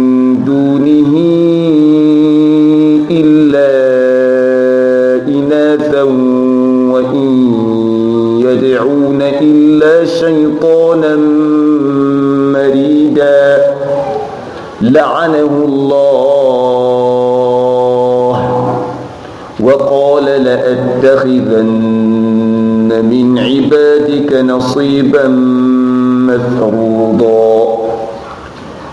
A: إلا شيطانا مريدا لعنه الله وقال لأتخذن من عبادك نصيبا مفروضا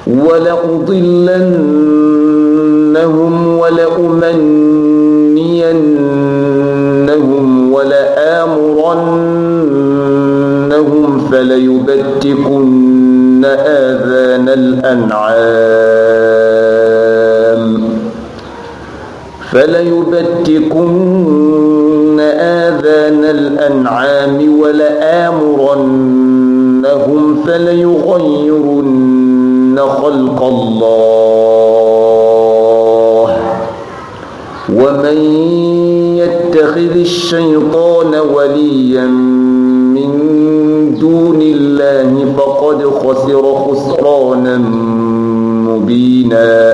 A: ولأضلنهم ولأمنينهم ليبتكن آذان الأنعام فليبتكن آذان الأنعام ولآمرنهم فليغيرن خلق الله ومن يتخذ الشيطان وليا دون الله فقد خسر خسرانا مبينا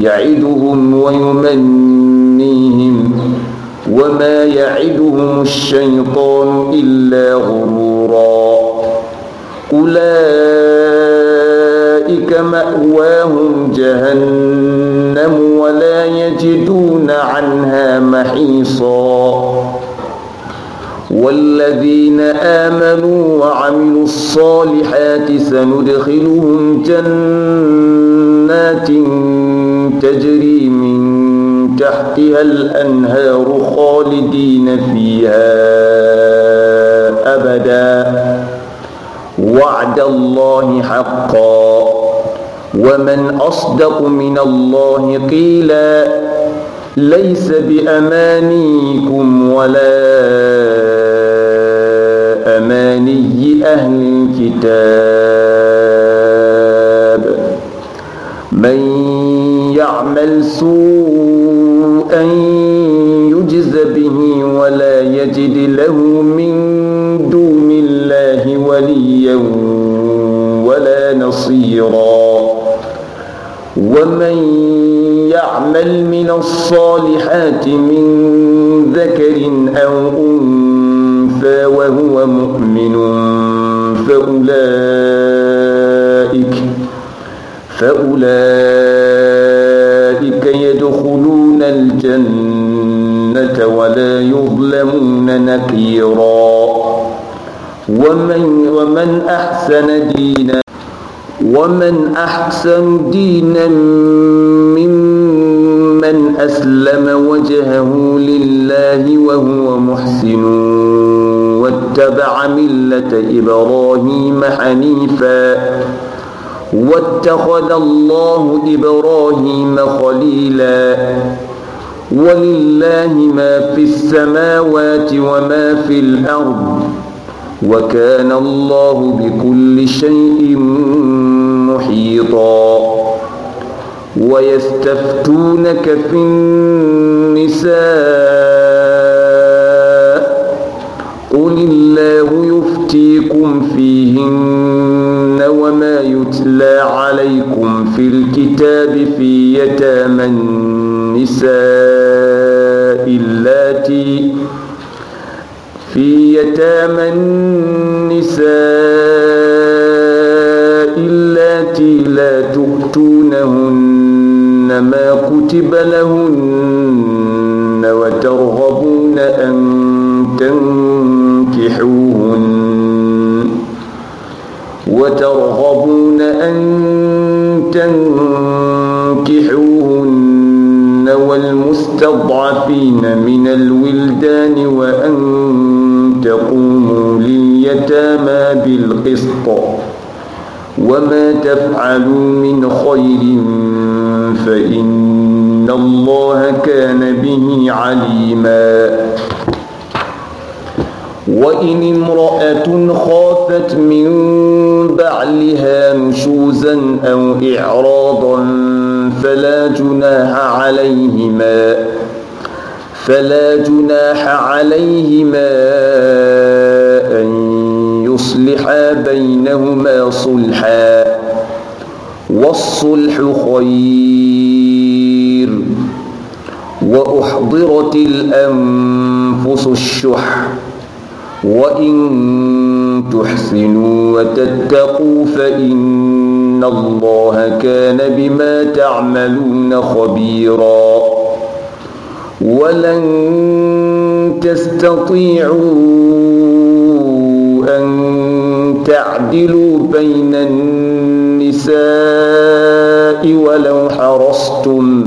A: يعدهم ويمنيهم وما يعدهم الشيطان إلا غرورا أولئك مأواهم جهنم ولا يجدون عنها محيصا والذين آمنوا وعملوا الصالحات سندخلهم جنات تجري من تحتها الأنهار خالدين فيها أبدا وعد الله حقا ومن أصدق من الله قيلا ليس بأمانيكم ولا أماني أهل الكتاب من يعمل سوءا يجز به ولا يجد له من دون الله وليا ولا نصيرا ومن واعمل من الصالحات من ذكر أو أنثى وهو مؤمن فأولئك فأولئك يدخلون الجنة ولا يظلمون نقيرا ومن, ومن أحسن دينا ومن أحسن دينا من من أسلم وجهه لله وهو محسن واتبع ملة إبراهيم حنيفا واتخذ الله إبراهيم خليلا ولله ما في السماوات وما في الأرض وكان الله بكل شيء محيطا ويستفتونك في النساء قل الله يفتيكم فيهن وما يتلى عليكم في الكتاب في يتامى النساء اللاتي في يتامى النساء اللاتي لا ما كتب لهن وترغبون أن تنكحوهن وترغبون أن تنكحوهن والمستضعفين من الولدان وأن تقوموا لليتامى بالقسط وما تفعلوا من خير فإن الله كان به عليما وإن امرأة خافت من بعلها نشوزا أو إعراضا فلا جناح عليهما فلا جناح عليهما أن يصلحا بينهما صلحا والصلح خير وأحضرت الأنفس الشح وإن تحسنوا وتتقوا فإن الله كان بما تعملون خبيرا ولن تستطيعوا أن تعدلوا بين النساء ولو حرصتم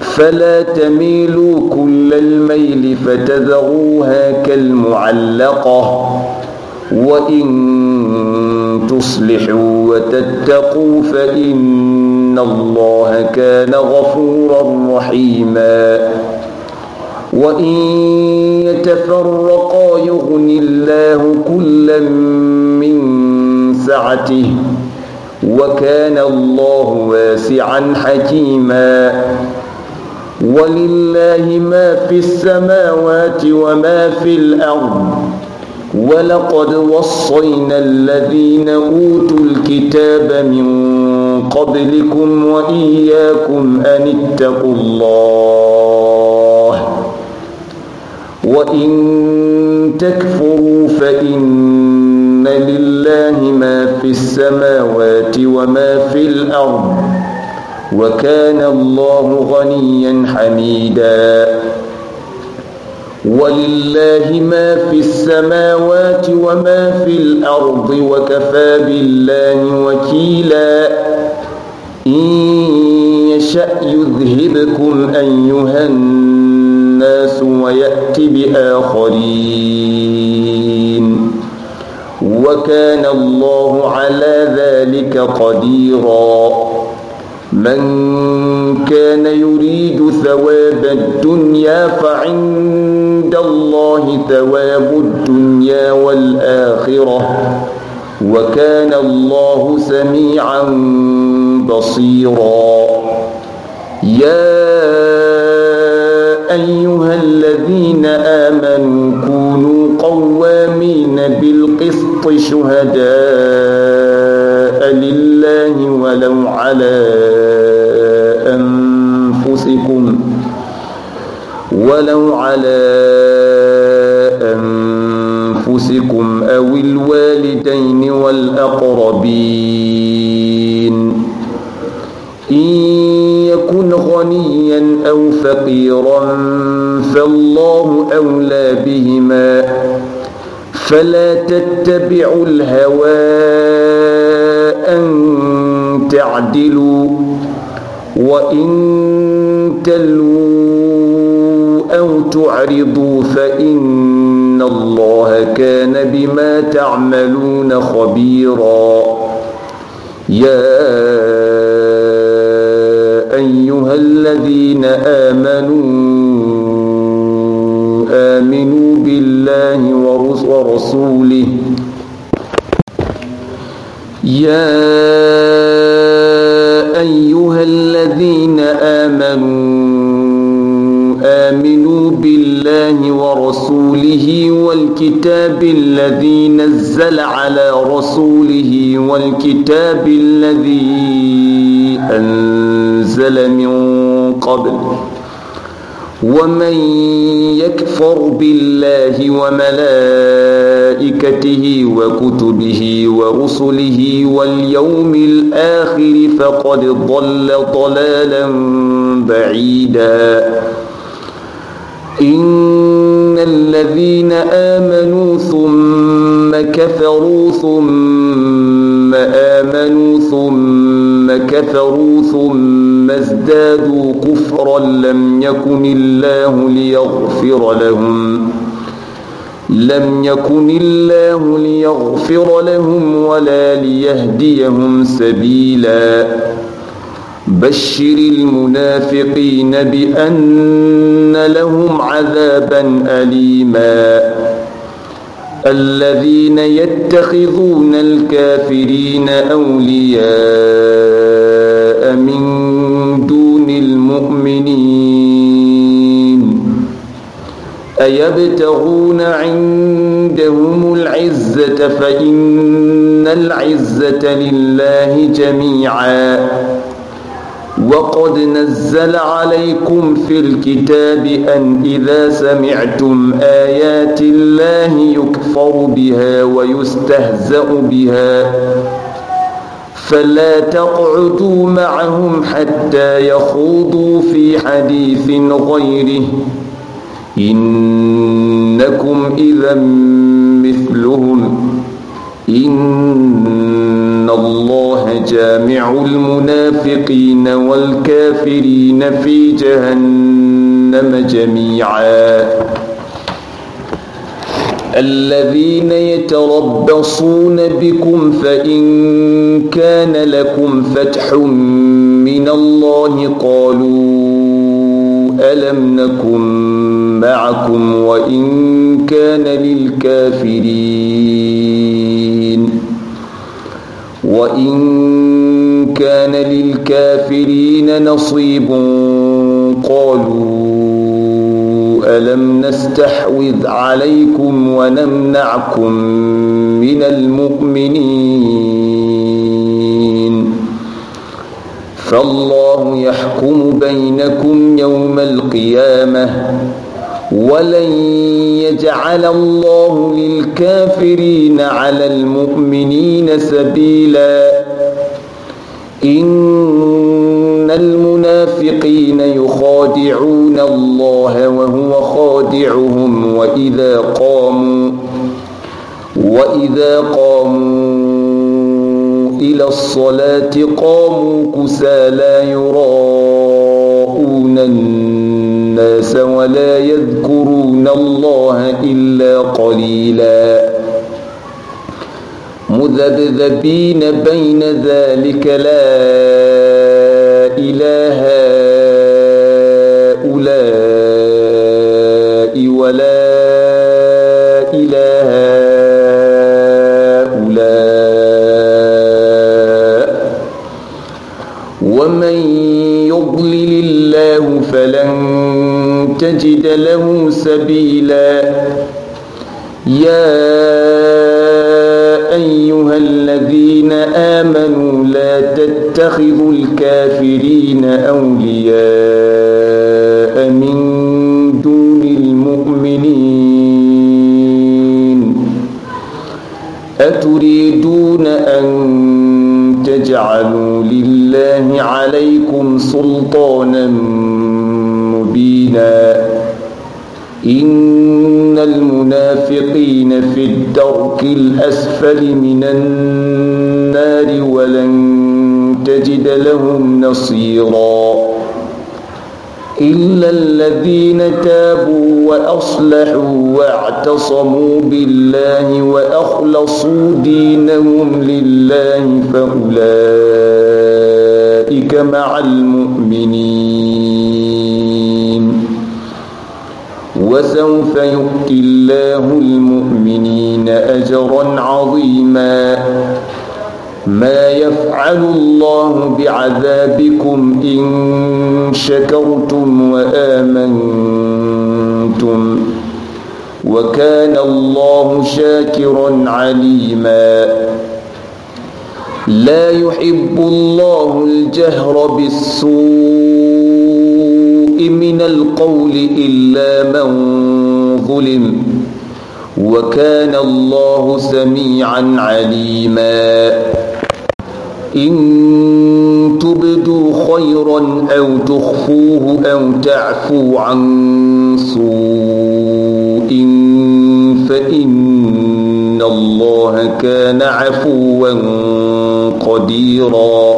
A: فلا تميلوا كل الميل فتذروها كالمعلقة وإن تصلحوا وتتقوا فإن الله كان غفورا رحيما وإن يتفرقا يغن الله كلا من سعته وكان الله واسعا حكيما ولله ما في السماوات وما في الأرض ولقد وصينا الذين أوتوا الكتاب من قبلكم وإياكم أن اتقوا الله وإن تكفروا فإن لله ما في السماوات وما في الأرض وكان الله غنيا حميدا ولله ما في السماوات وما في الأرض وكفى بالله وكيلا إن يشأ يذهبكم أيها الناس الناس ويأت بآخرين وكان الله على ذلك قديرا من كان يريد ثواب الدنيا فعند الله ثواب الدنيا والآخرة وكان الله سميعا بصيرا يا أيها الذين آمنوا كونوا قوامين بالقسط شهداء لله ولو على أنفسكم ولو على أنفسكم أو الوالدين والأقربين إن يكن غنيا أو فقيرا فالله أولى بهما فلا تتبعوا الهوى أن تعدلوا وإن تلووا أو تعرضوا فإن الله كان بما تعملون خبيرا يا أيها الذين آمنوا آمنوا بالله ورسوله يا أيها الذين آمنوا آمنوا بالله الله ورسوله والكتاب الذي نزل على رسوله والكتاب الذي أنزل من قبل ومن يكفر بالله وملائكته وكتبه ورسله واليوم الآخر فقد ضل ضلالا بعيدا إن الذين آمنوا ثم كفروا ثم آمنوا ثم كفروا ثم ازدادوا كفرا لم يكن الله ليغفر لهم لم يكن الله ليغفر لهم ولا ليهديهم سبيلاً بشر المنافقين بأن لهم عذابا أليما الذين يتخذون الكافرين أولياء من دون المؤمنين أيبتغون عندهم العزة فإن العزة لله جميعاً وقد نزل عليكم في الكتاب أن إذا سمعتم آيات الله يكفر بها ويستهزأ بها فلا تقعدوا معهم حتى يخوضوا في حديث غيره إنكم إذا مثلهم إن الله جامع المنافقين والكافرين في جهنم جميعا الذين يتربصون بكم فإن كان لكم فتح من الله قالوا ألم نكن معكم وإن كان للكافرين وإن كان للكافرين نصيب قالوا ألم نستحوذ عليكم ونمنعكم من المؤمنين فالله يحكم بينكم يوم القيامة ولن يجعل الله للكافرين على المؤمنين سبيلا إن المنافقين يخادعون الله وهو خادعهم وإذا قاموا وإذا قاموا إلى الصلاة قاموا كسى لا يرام الناس ولا يذكرون الله إلا قليلا مذبذبين بين ذلك لا إله إلا فلن تجد له سبيلا يا أيها الذين آمنوا لا تتخذوا الكافرين أولياء من دون المؤمنين أتريدون أن تجعلوا لله عليكم سلطانا مبينا إن المنافقين في الدرك الأسفل من النار ولن تجد لهم نصيرا إلا الذين تابوا وأصلحوا واعتصموا بالله وأخلصوا دينهم لله فأولئك مع المؤمنين وسوف يؤتي الله المؤمنين أجرا عظيما ما يفعل الله بعذابكم إن شكرتم وآمنتم وكان الله شاكرا عليما لا يحب الله الجهر بالسوء من القول إلا من ظلم وكان الله سميعا عليما إن تبدوا خيرا أو تخفوه أو تعفو عن سوء فإن الله كان عفوا قديرا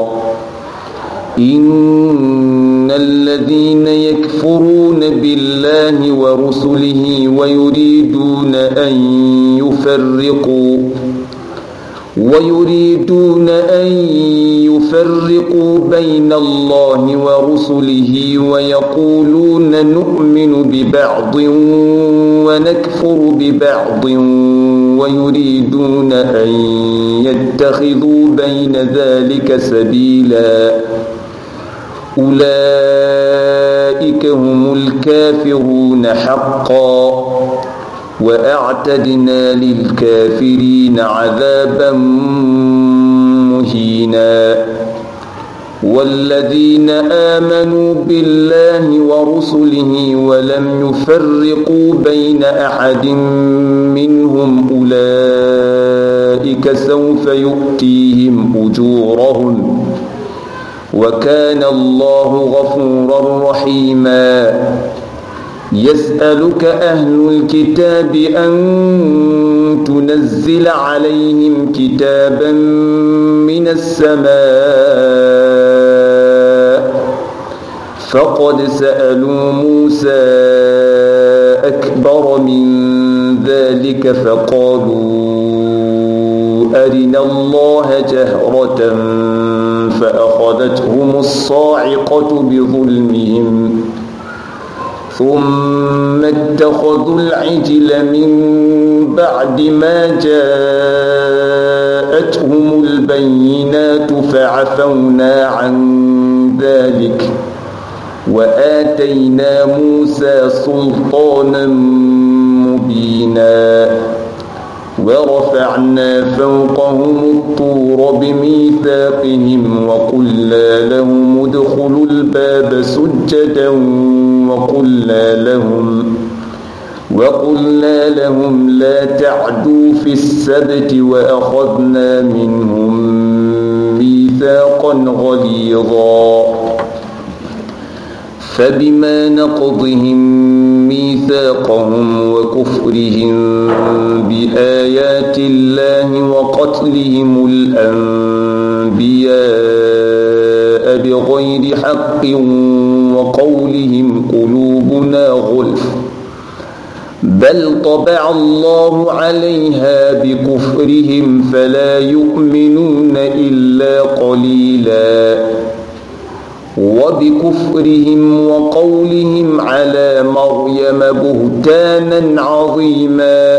A: إن الذين يكفرون بالله ورسله ويريدون أن يفرقوا ويريدون أن يفرقوا بين الله ورسله ويقولون نؤمن ببعض ونكفر ببعض ويريدون أن يتخذوا بين ذلك سبيلاً أولئك هم الكافرون حقا وأعتدنا للكافرين عذابا مهينا والذين آمنوا بالله ورسله ولم يفرقوا بين أحد منهم أولئك سوف يؤتيهم أجورهم وكان الله غفورا رحيما يسألك أهل الكتاب أن تنزل عليهم كتابا من السماء فقد سألوا موسى أكبر من ذلك فقالوا أرنا الله جهرة فأخذتهم الصاعقة بظلمهم ثم اتخذوا العجل من بعد ما جاءتهم البينات فعفونا عن ذلك وآتينا موسى سلطانا مبينا ورفعنا فوقهم الطور بميثاقهم وقلنا لهم ادخلوا الباب سجدا وقلنا لهم وقلنا لهم لا تعدوا في السبت وأخذنا منهم ميثاقا غليظا فبما نقضهم ميثاقهم وكفرهم بآيات الله وقتلهم الأنبياء بغير حق وقولهم قلوبنا غلف بل طبع الله عليها بكفرهم فلا يؤمنون إلا قليلاً وبكفرهم وقولهم على مريم بهتانا عظيما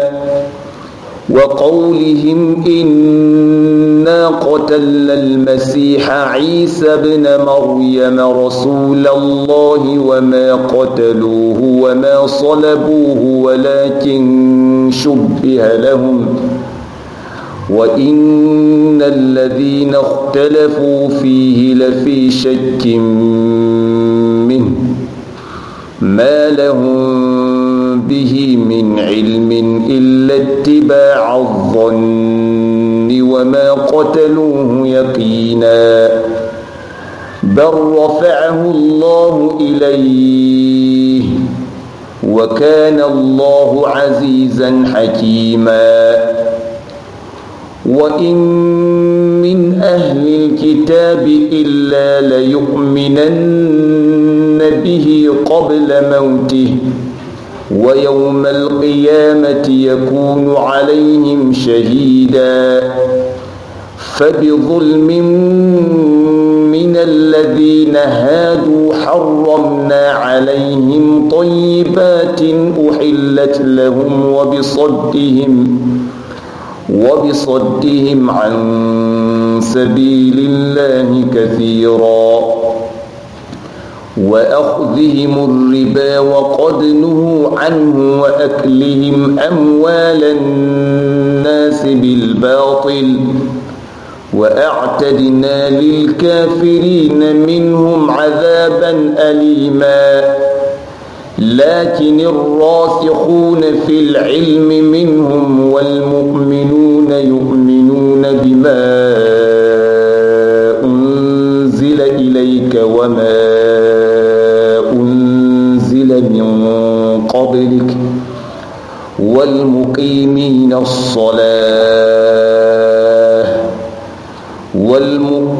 A: وقولهم إنا قتلنا المسيح عيسى بن مريم رسول الله وما قتلوه وما صلبوه ولكن شبه لهم ۖ وإن الذين اختلفوا فيه لفي شك منه ما لهم به من علم إلا اتباع الظن وما قتلوه يقينا بل رفعه الله إليه وكان الله عزيزا حكيما وإن من أهل الكتاب إلا ليؤمنن به قبل موته ويوم القيامة يكون عليهم شهيدا فبظلم من الذين هادوا حرمنا عليهم طيبات أحلت لهم وبصدهم وبصدهم عن سبيل الله كثيرا وأخذهم الربا وقد نهوا عنه وأكلهم أموال الناس بالباطل وأعتدنا للكافرين منهم عذابا أليماً لكن الراسخون في العلم منهم والمؤمنون يؤمنون بما أنزل إليك وما أنزل من قبلك والمقيمين الصلاة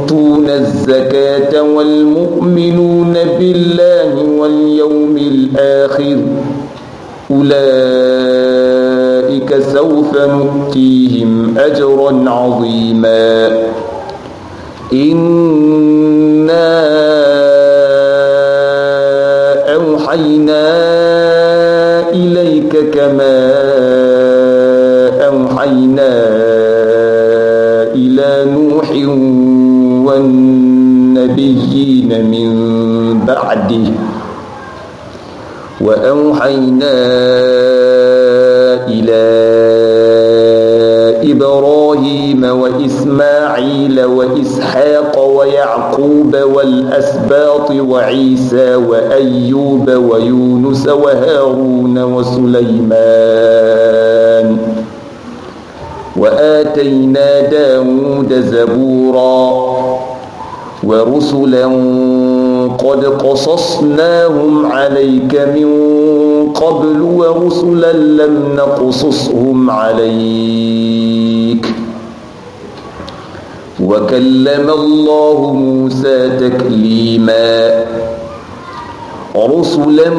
A: يؤتون الزكاة والمؤمنون بالله واليوم الآخر أولئك سوف نؤتيهم أجرا عظيما إنا أوحينا المرسلين من بعده وأوحينا إلى إبراهيم وإسماعيل وإسحاق ويعقوب والأسباط وعيسى وأيوب ويونس وهارون وسليمان وآتينا داود زبوراً ورسلا قد قصصناهم عليك من قبل ورسلا لم نقصصهم عليك وكلم الله موسى تكليما رسلا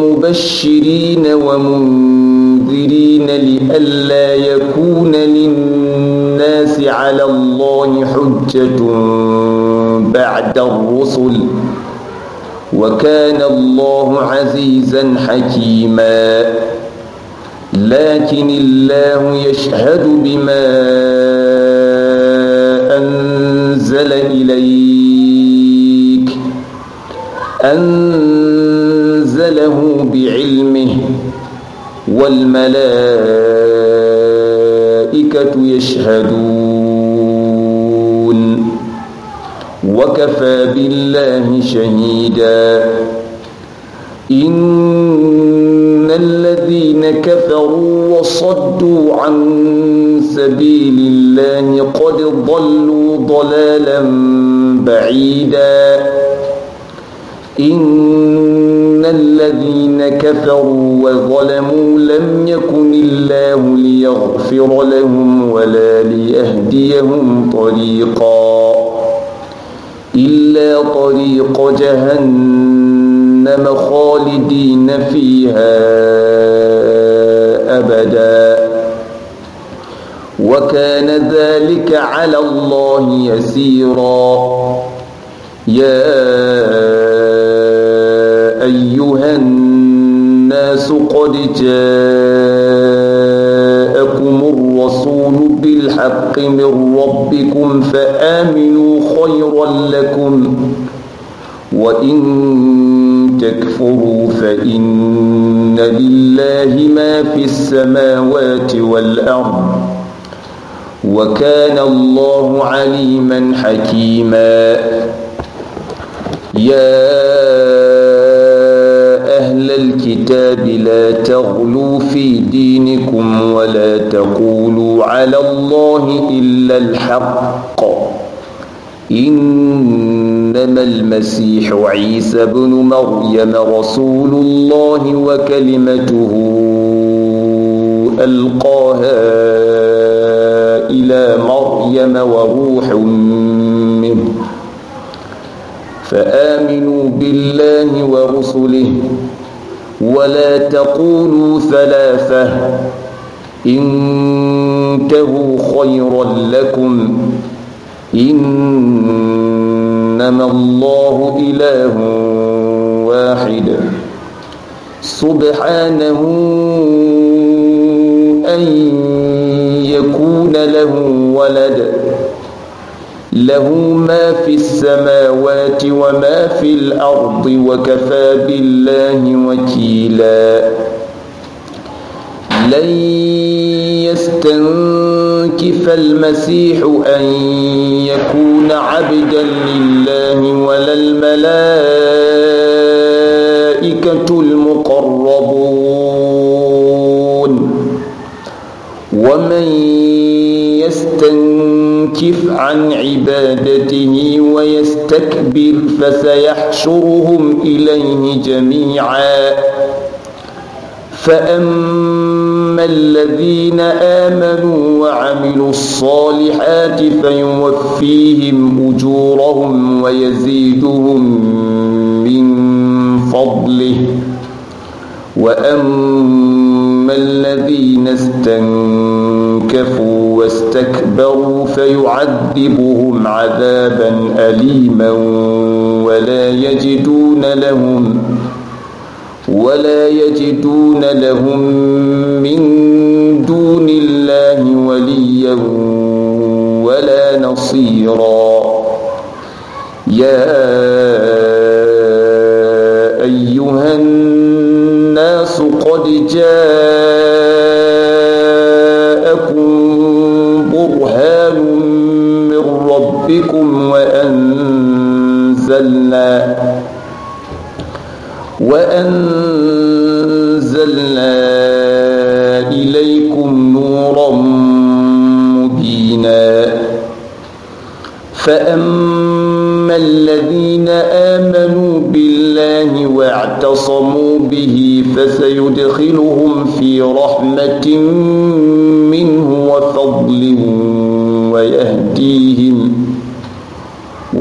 A: مبشرين ومنذرين لئلا يكون للناس الناس على الله حجة بعد الرسل وكان الله عزيزا حكيما لكن الله يشهد بما أنزل إليك أنزله بعلمه والملائكة يشهدون وكفى بالله شهيدا إن الذين كفروا وصدوا عن سبيل الله قد ضلوا ضلالا بعيدا إن الذين كفروا وظلموا لم يكن الله ليغفر لهم ولا ليهديهم طريقا إلا طريق جهنم خالدين فيها أبدا وكان ذلك على الله يسيرا يا أيها الناس الناس قد جاءكم الرسول بالحق من ربكم فآمنوا خيرا لكم وإن تكفروا فإن لله ما في السماوات والأرض وكان الله عليما حكيما يا أهل الكتاب لا تغلوا في دينكم ولا تقولوا على الله إلا الحق إنما المسيح عيسى بن مريم رسول الله وكلمته ألقاها إلى مريم وروح منه فآمنوا بالله ورسله ولا تقولوا ثلاثة إنتهوا خيرا لكم إنما الله إله واحد سبحانه أن يكون له ولد له ما في السماوات وما في الأرض وكفى بالله وكيلا لن يستنكف المسيح أن يكون عبدا لله ولا الملائكة المقربون ومن ينكف عن عبادته ويستكبر فسيحشرهم إليه جميعا فأما الذين آمنوا وعملوا الصالحات فيوفيهم أجورهم ويزيدهم من فضله وأما الذين استنكروا كفوا واستكبروا فيعذبهم عذابا أليما ولا يجدون لهم ولا يجدون لهم من دون الله وليا ولا نصيرا يا أيها الناس قد جاءوا ربكم وأنزلنا وأنزلنا إليكم نورا مبينا فأما الذين آمنوا بالله واعتصموا به فسيدخلهم في رحمة منه وفضل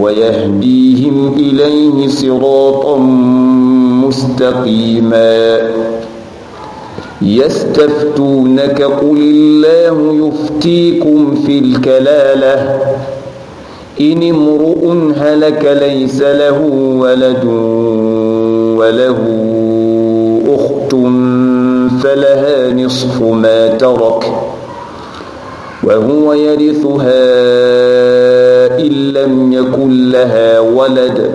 A: ويهديهم إليه صراطا مستقيما يستفتونك قل الله يفتيكم في الكلالة إن امرؤ هلك ليس له ولد وله أخت فلها نصف ما ترك وهو يرثها إن لم يكن لها ولد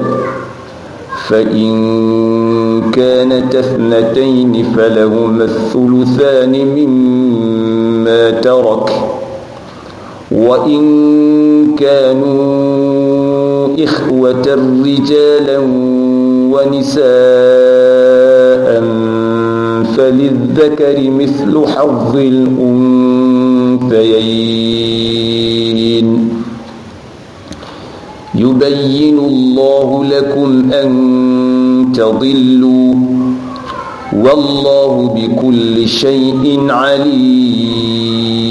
A: فإن كانت اثنتين فلهما الثلثان مما ترك وإن كانوا إخوة رجالا ونساء فللذكر مثل حظ الأنثيين يبين الله لكم أن تضلوا والله بكل شيء عليم